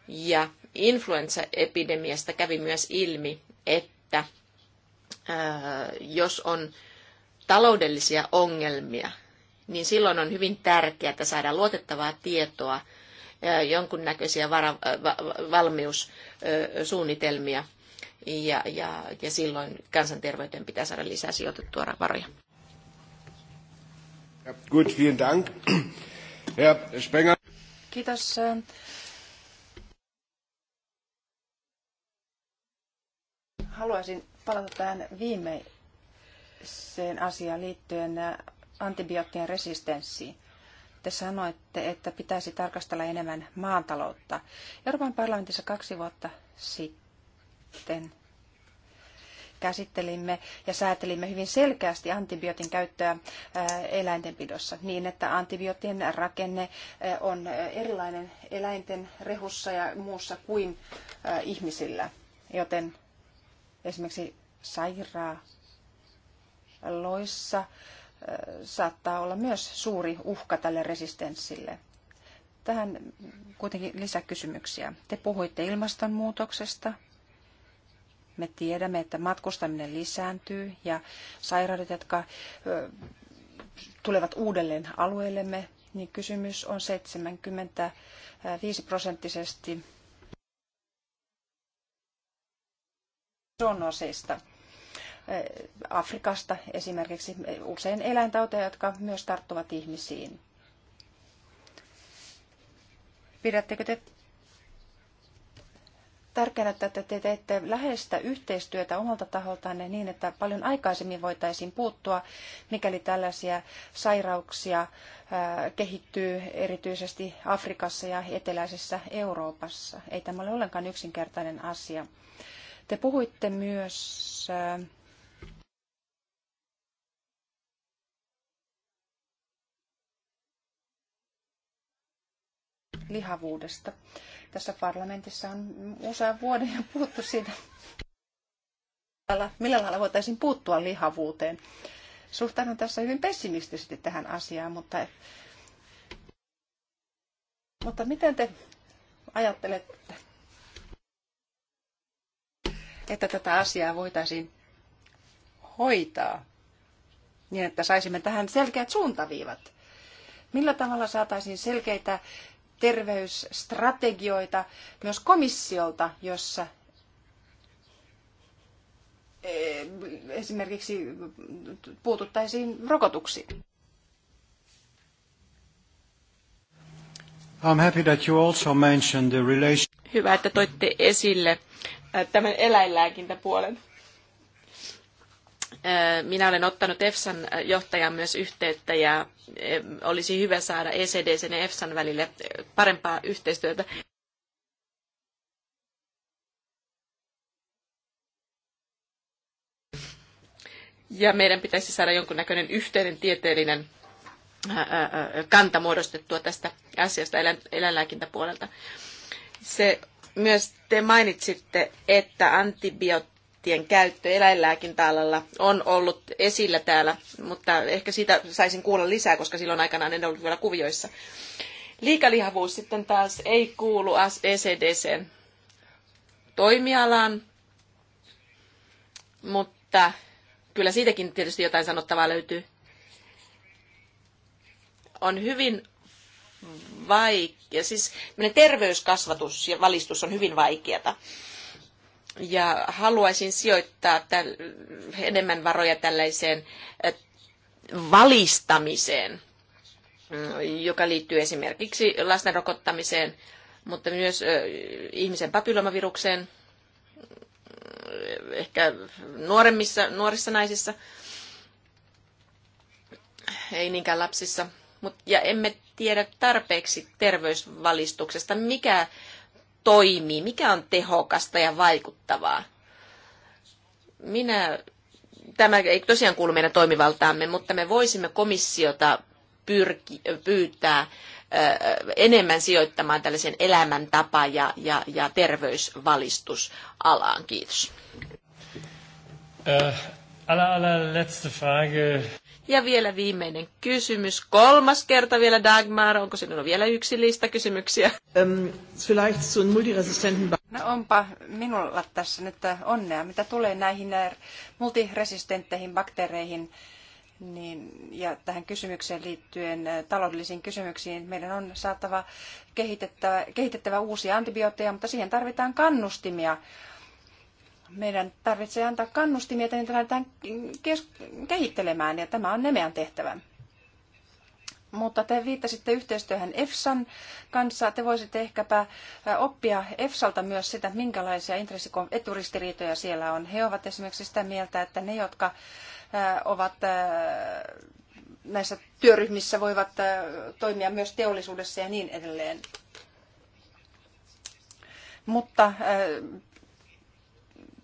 ja influenssaepidemiasta kävi myös ilmi, että jos on taloudellisia ongelmia, niin silloin on hyvin tärkeää, että saadaan luotettavaa tietoa, jonkunnäköisiä vara, valmiussuunnitelmia, ja, ja, ja silloin kansanterveyteen pitää saada lisää sijoitettua varoja. Gut, vielen Dank. Herr Spenger. Kiitos. haluaisin palata tähän viimeiseen asiaan liittyen äh, antibioottien resistenssiin. Te sanoitte, että pitäisi tarkastella enemmän maantaloutta. Euroopan parlamentissa kaksi vuotta sitten käsittelimme ja säätelimme hyvin selkeästi antibiootin käyttöä äh, eläintenpidossa niin, että antibioottien rakenne äh, on erilainen eläinten rehussa ja muussa kuin ihmisillä. Joten Esimerkiksi sairaa, loissa saattaa olla myös suuri uhka tälle resistenssille. Tähän kuitenkin lisäkysymyksiä. Te puhuitte ilmastonmuutoksesta. Me tiedämme, että matkustaminen lisääntyy ja sairaudet, jotka tulevat uudelleen alueellemme, niin kysymys on 75 prosenttisesti on Afrikasta esimerkiksi usein eläintauteja, jotka myös tarttuvat ihmisiin. Pidättekö te tärkeänä, että te teette läheistä yhteistyötä omalta taholtanne niin, että paljon aikaisemmin voitaisiin puuttua, mikäli tällaisia sairauksia kehittyy erityisesti Afrikassa ja eteläisessä Euroopassa. Ei tämä ole ollenkaan yksinkertainen asia. Te puhuitte myös äh, lihavuudesta. Tässä parlamentissa on usean vuoden ja puhuttu siitä, millä lailla voitaisiin puuttua lihavuuteen. Suhtaudun tässä hyvin pessimistisesti tähän asiaan, mutta, mutta miten te ajattelette että tätä asiaa voitaisiin hoitaa niin, että saisimme tähän selkeät suuntaviivat? Millä tavalla saataisiin selkeitä terveysstrategioita myös komissiolta, jossa e, esimerkiksi puututtaisiin rokotuksiin? I'm happy that you also mentioned the relation... Hyvä, että toitte esille Äh, tämän eläinlääkintäpuolen. Äh, minä olen ottanut EFSAn äh, johtajan myös yhteyttä ja olisi hyvä saada ECDCn ja EFSAn välille parempaa yhteistyötä. Ja meidän pitäisi saada jonkunnäköinen yhteinen tieteellinen kanta muodostettua tästä asiasta eläinlääkintäpuolelta. Se myös te mainitsitte, että antibioottien käyttö eläinlääkintäalalla on ollut esillä täällä, mutta ehkä siitä saisin kuulla lisää, koska silloin aikanaan en ollut vielä kuvioissa. Liikalihavuus sitten taas ei kuulu ECDCn toimialaan, mutta kyllä siitäkin tietysti jotain sanottavaa löytyy. On hyvin vaikea, siis terveyskasvatus ja valistus on hyvin vaikeata. Ja haluaisin sijoittaa täl, enemmän varoja tällaiseen äh, valistamiseen, äh, joka liittyy esimerkiksi lasten rokottamiseen, mutta myös äh, ihmisen papillomavirukseen, ehkä nuoremmissa, nuorissa naisissa, ei niinkään lapsissa – ja emme tiedä tarpeeksi terveysvalistuksesta, mikä toimii, mikä on tehokasta ja vaikuttavaa. Minä, tämä ei tosiaan kuulu meidän toimivaltaamme, mutta me voisimme komissiota pyrki, pyytää enemmän sijoittamaan tällaisen elämäntapa- ja, ja, ja terveysvalistusalaan. Kiitos. Äh, alla, alla letzte Frage. Ja vielä viimeinen kysymys. Kolmas kerta vielä Dagmar. Onko sinulla vielä yksi lista kysymyksiä? Um, No onpa minulla tässä nyt äh, onnea. Mitä tulee näihin äh, multiresistentteihin bakteereihin niin, ja tähän kysymykseen liittyen äh, taloudellisiin kysymyksiin, meidän on saatava kehitettävä, kehitettävä uusia antibiootteja, mutta siihen tarvitaan kannustimia meidän tarvitsee antaa kannustimia, että niitä lähdetään kehittelemään, ja tämä on Nemean tehtävä. Mutta te viittasitte yhteistyöhön EFSAn kanssa. Te voisitte ehkäpä oppia EFSalta myös sitä, minkälaisia eturistiriitoja siellä on. He ovat esimerkiksi sitä mieltä, että ne, jotka ovat näissä työryhmissä, voivat toimia myös teollisuudessa ja niin edelleen. Mutta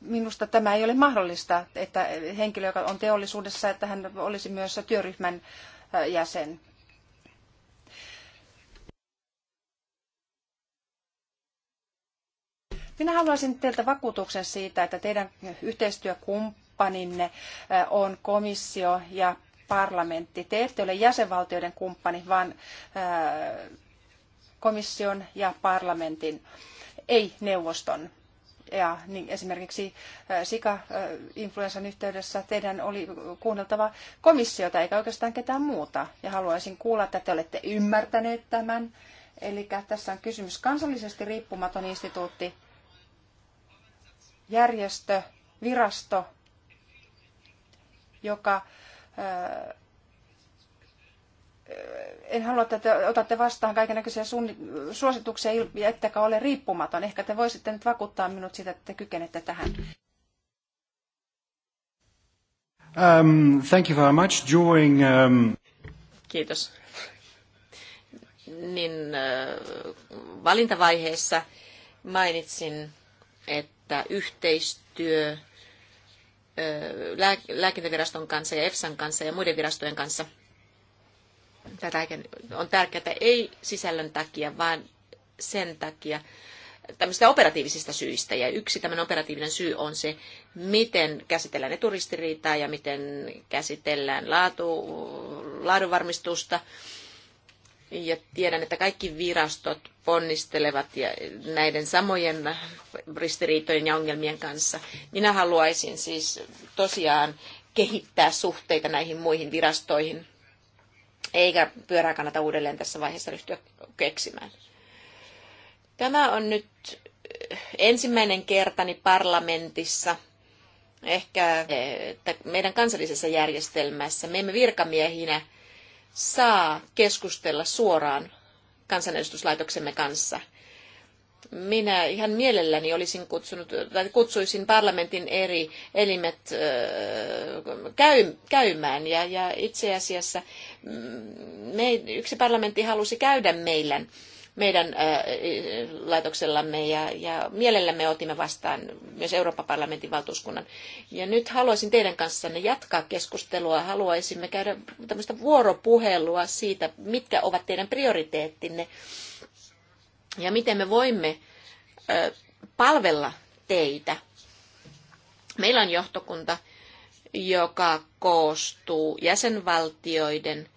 minusta tämä ei ole mahdollista, että henkilö, joka on teollisuudessa, että hän olisi myös työryhmän jäsen. Minä haluaisin teiltä vakuutuksen siitä, että teidän yhteistyökumppaninne on komissio ja parlamentti. Te ette ole jäsenvaltioiden kumppani, vaan komission ja parlamentin, ei neuvoston ja niin esimerkiksi sika influensan yhteydessä teidän oli kuunneltava komissiota eikä oikeastaan ketään muuta. Ja haluaisin kuulla, että te olette ymmärtäneet tämän. Eli tässä on kysymys kansallisesti riippumaton instituutti, järjestö, virasto, joka en halua, että te otatte vastaan kaikenlaisia suosituksia ja ettekä ole riippumaton. Ehkä te voisitte nyt vakuuttaa minut siitä, että te kykenette tähän. Um, thank you very much. During, um... Kiitos. Niin, äh, valintavaiheessa mainitsin, että yhteistyö äh, lääkintäviraston kanssa ja EFSAn kanssa ja muiden virastojen kanssa – Tätäkin on tärkeää ei sisällön takia, vaan sen takia, tämmöisistä operatiivisista syistä. Ja yksi tämmöinen operatiivinen syy on se, miten käsitellään eturistiriitaa ja miten käsitellään laatu, laadunvarmistusta. Ja tiedän, että kaikki virastot ponnistelevat ja näiden samojen ristiriitojen ja ongelmien kanssa. Minä haluaisin siis tosiaan kehittää suhteita näihin muihin virastoihin eikä pyörää kannata uudelleen tässä vaiheessa ryhtyä keksimään. Tämä on nyt eh, ensimmäinen kertani parlamentissa, ehkä eh, että meidän kansallisessa järjestelmässä. Me emme virkamiehinä saa keskustella suoraan kansanedustuslaitoksemme kanssa – minä ihan mielelläni olisin kutsunut, tai kutsuisin parlamentin eri elimet käy, käymään. Ja, ja itse asiassa mm, me, yksi parlamentti halusi käydä meillä, meidän laitoksellamme ja, ja mielellämme otimme vastaan myös Euroopan parlamentin valtuuskunnan. Ja nyt haluaisin teidän kanssanne jatkaa keskustelua. Haluaisimme käydä tämmöistä vuoropuhelua siitä, mitkä ovat teidän prioriteettinne ja miten me voimme palvella teitä. Meillä on johtokunta, joka koostuu jäsenvaltioiden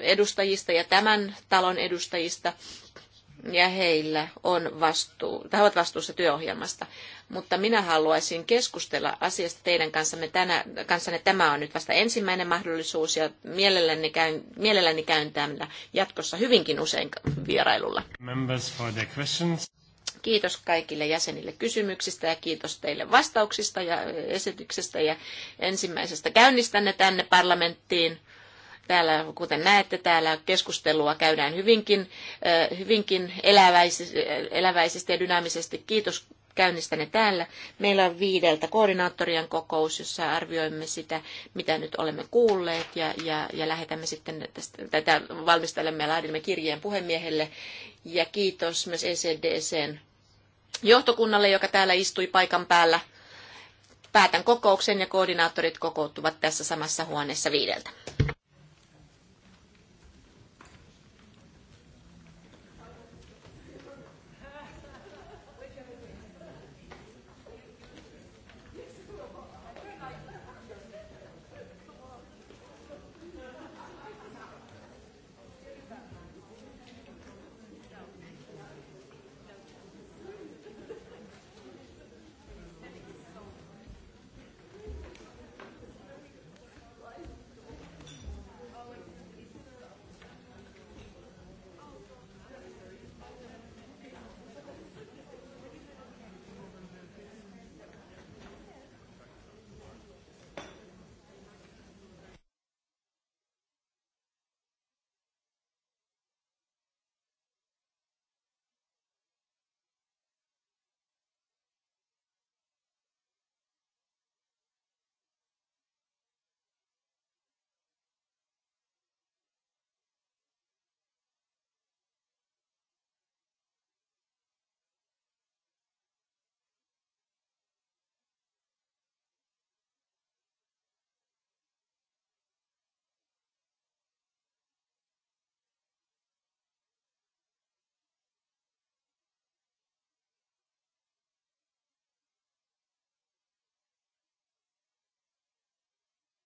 edustajista ja tämän talon edustajista ja heillä on vastuu, tai ovat vastuussa työohjelmasta. Mutta minä haluaisin keskustella asiasta teidän kanssamme tänä, kanssanne. Tämä on nyt vasta ensimmäinen mahdollisuus ja mielelläni käyn, mielelläni käyn täällä jatkossa hyvinkin usein vierailulla. Kiitos kaikille jäsenille kysymyksistä ja kiitos teille vastauksista ja esityksestä ja ensimmäisestä käynnistänne tänne parlamenttiin. Täällä, kuten näette, täällä keskustelua käydään hyvinkin, äh, hyvinkin eläväisesti ja dynaamisesti. Kiitos ne täällä. Meillä on viideltä koordinaattorien kokous, jossa arvioimme sitä, mitä nyt olemme kuulleet ja, ja, ja lähetämme sitten tästä, tätä valmistelemme ja laadimme kirjeen puhemiehelle. Ja kiitos myös ECDCn johtokunnalle, joka täällä istui paikan päällä. Päätän kokouksen ja koordinaattorit kokoutuvat tässä samassa huoneessa viideltä.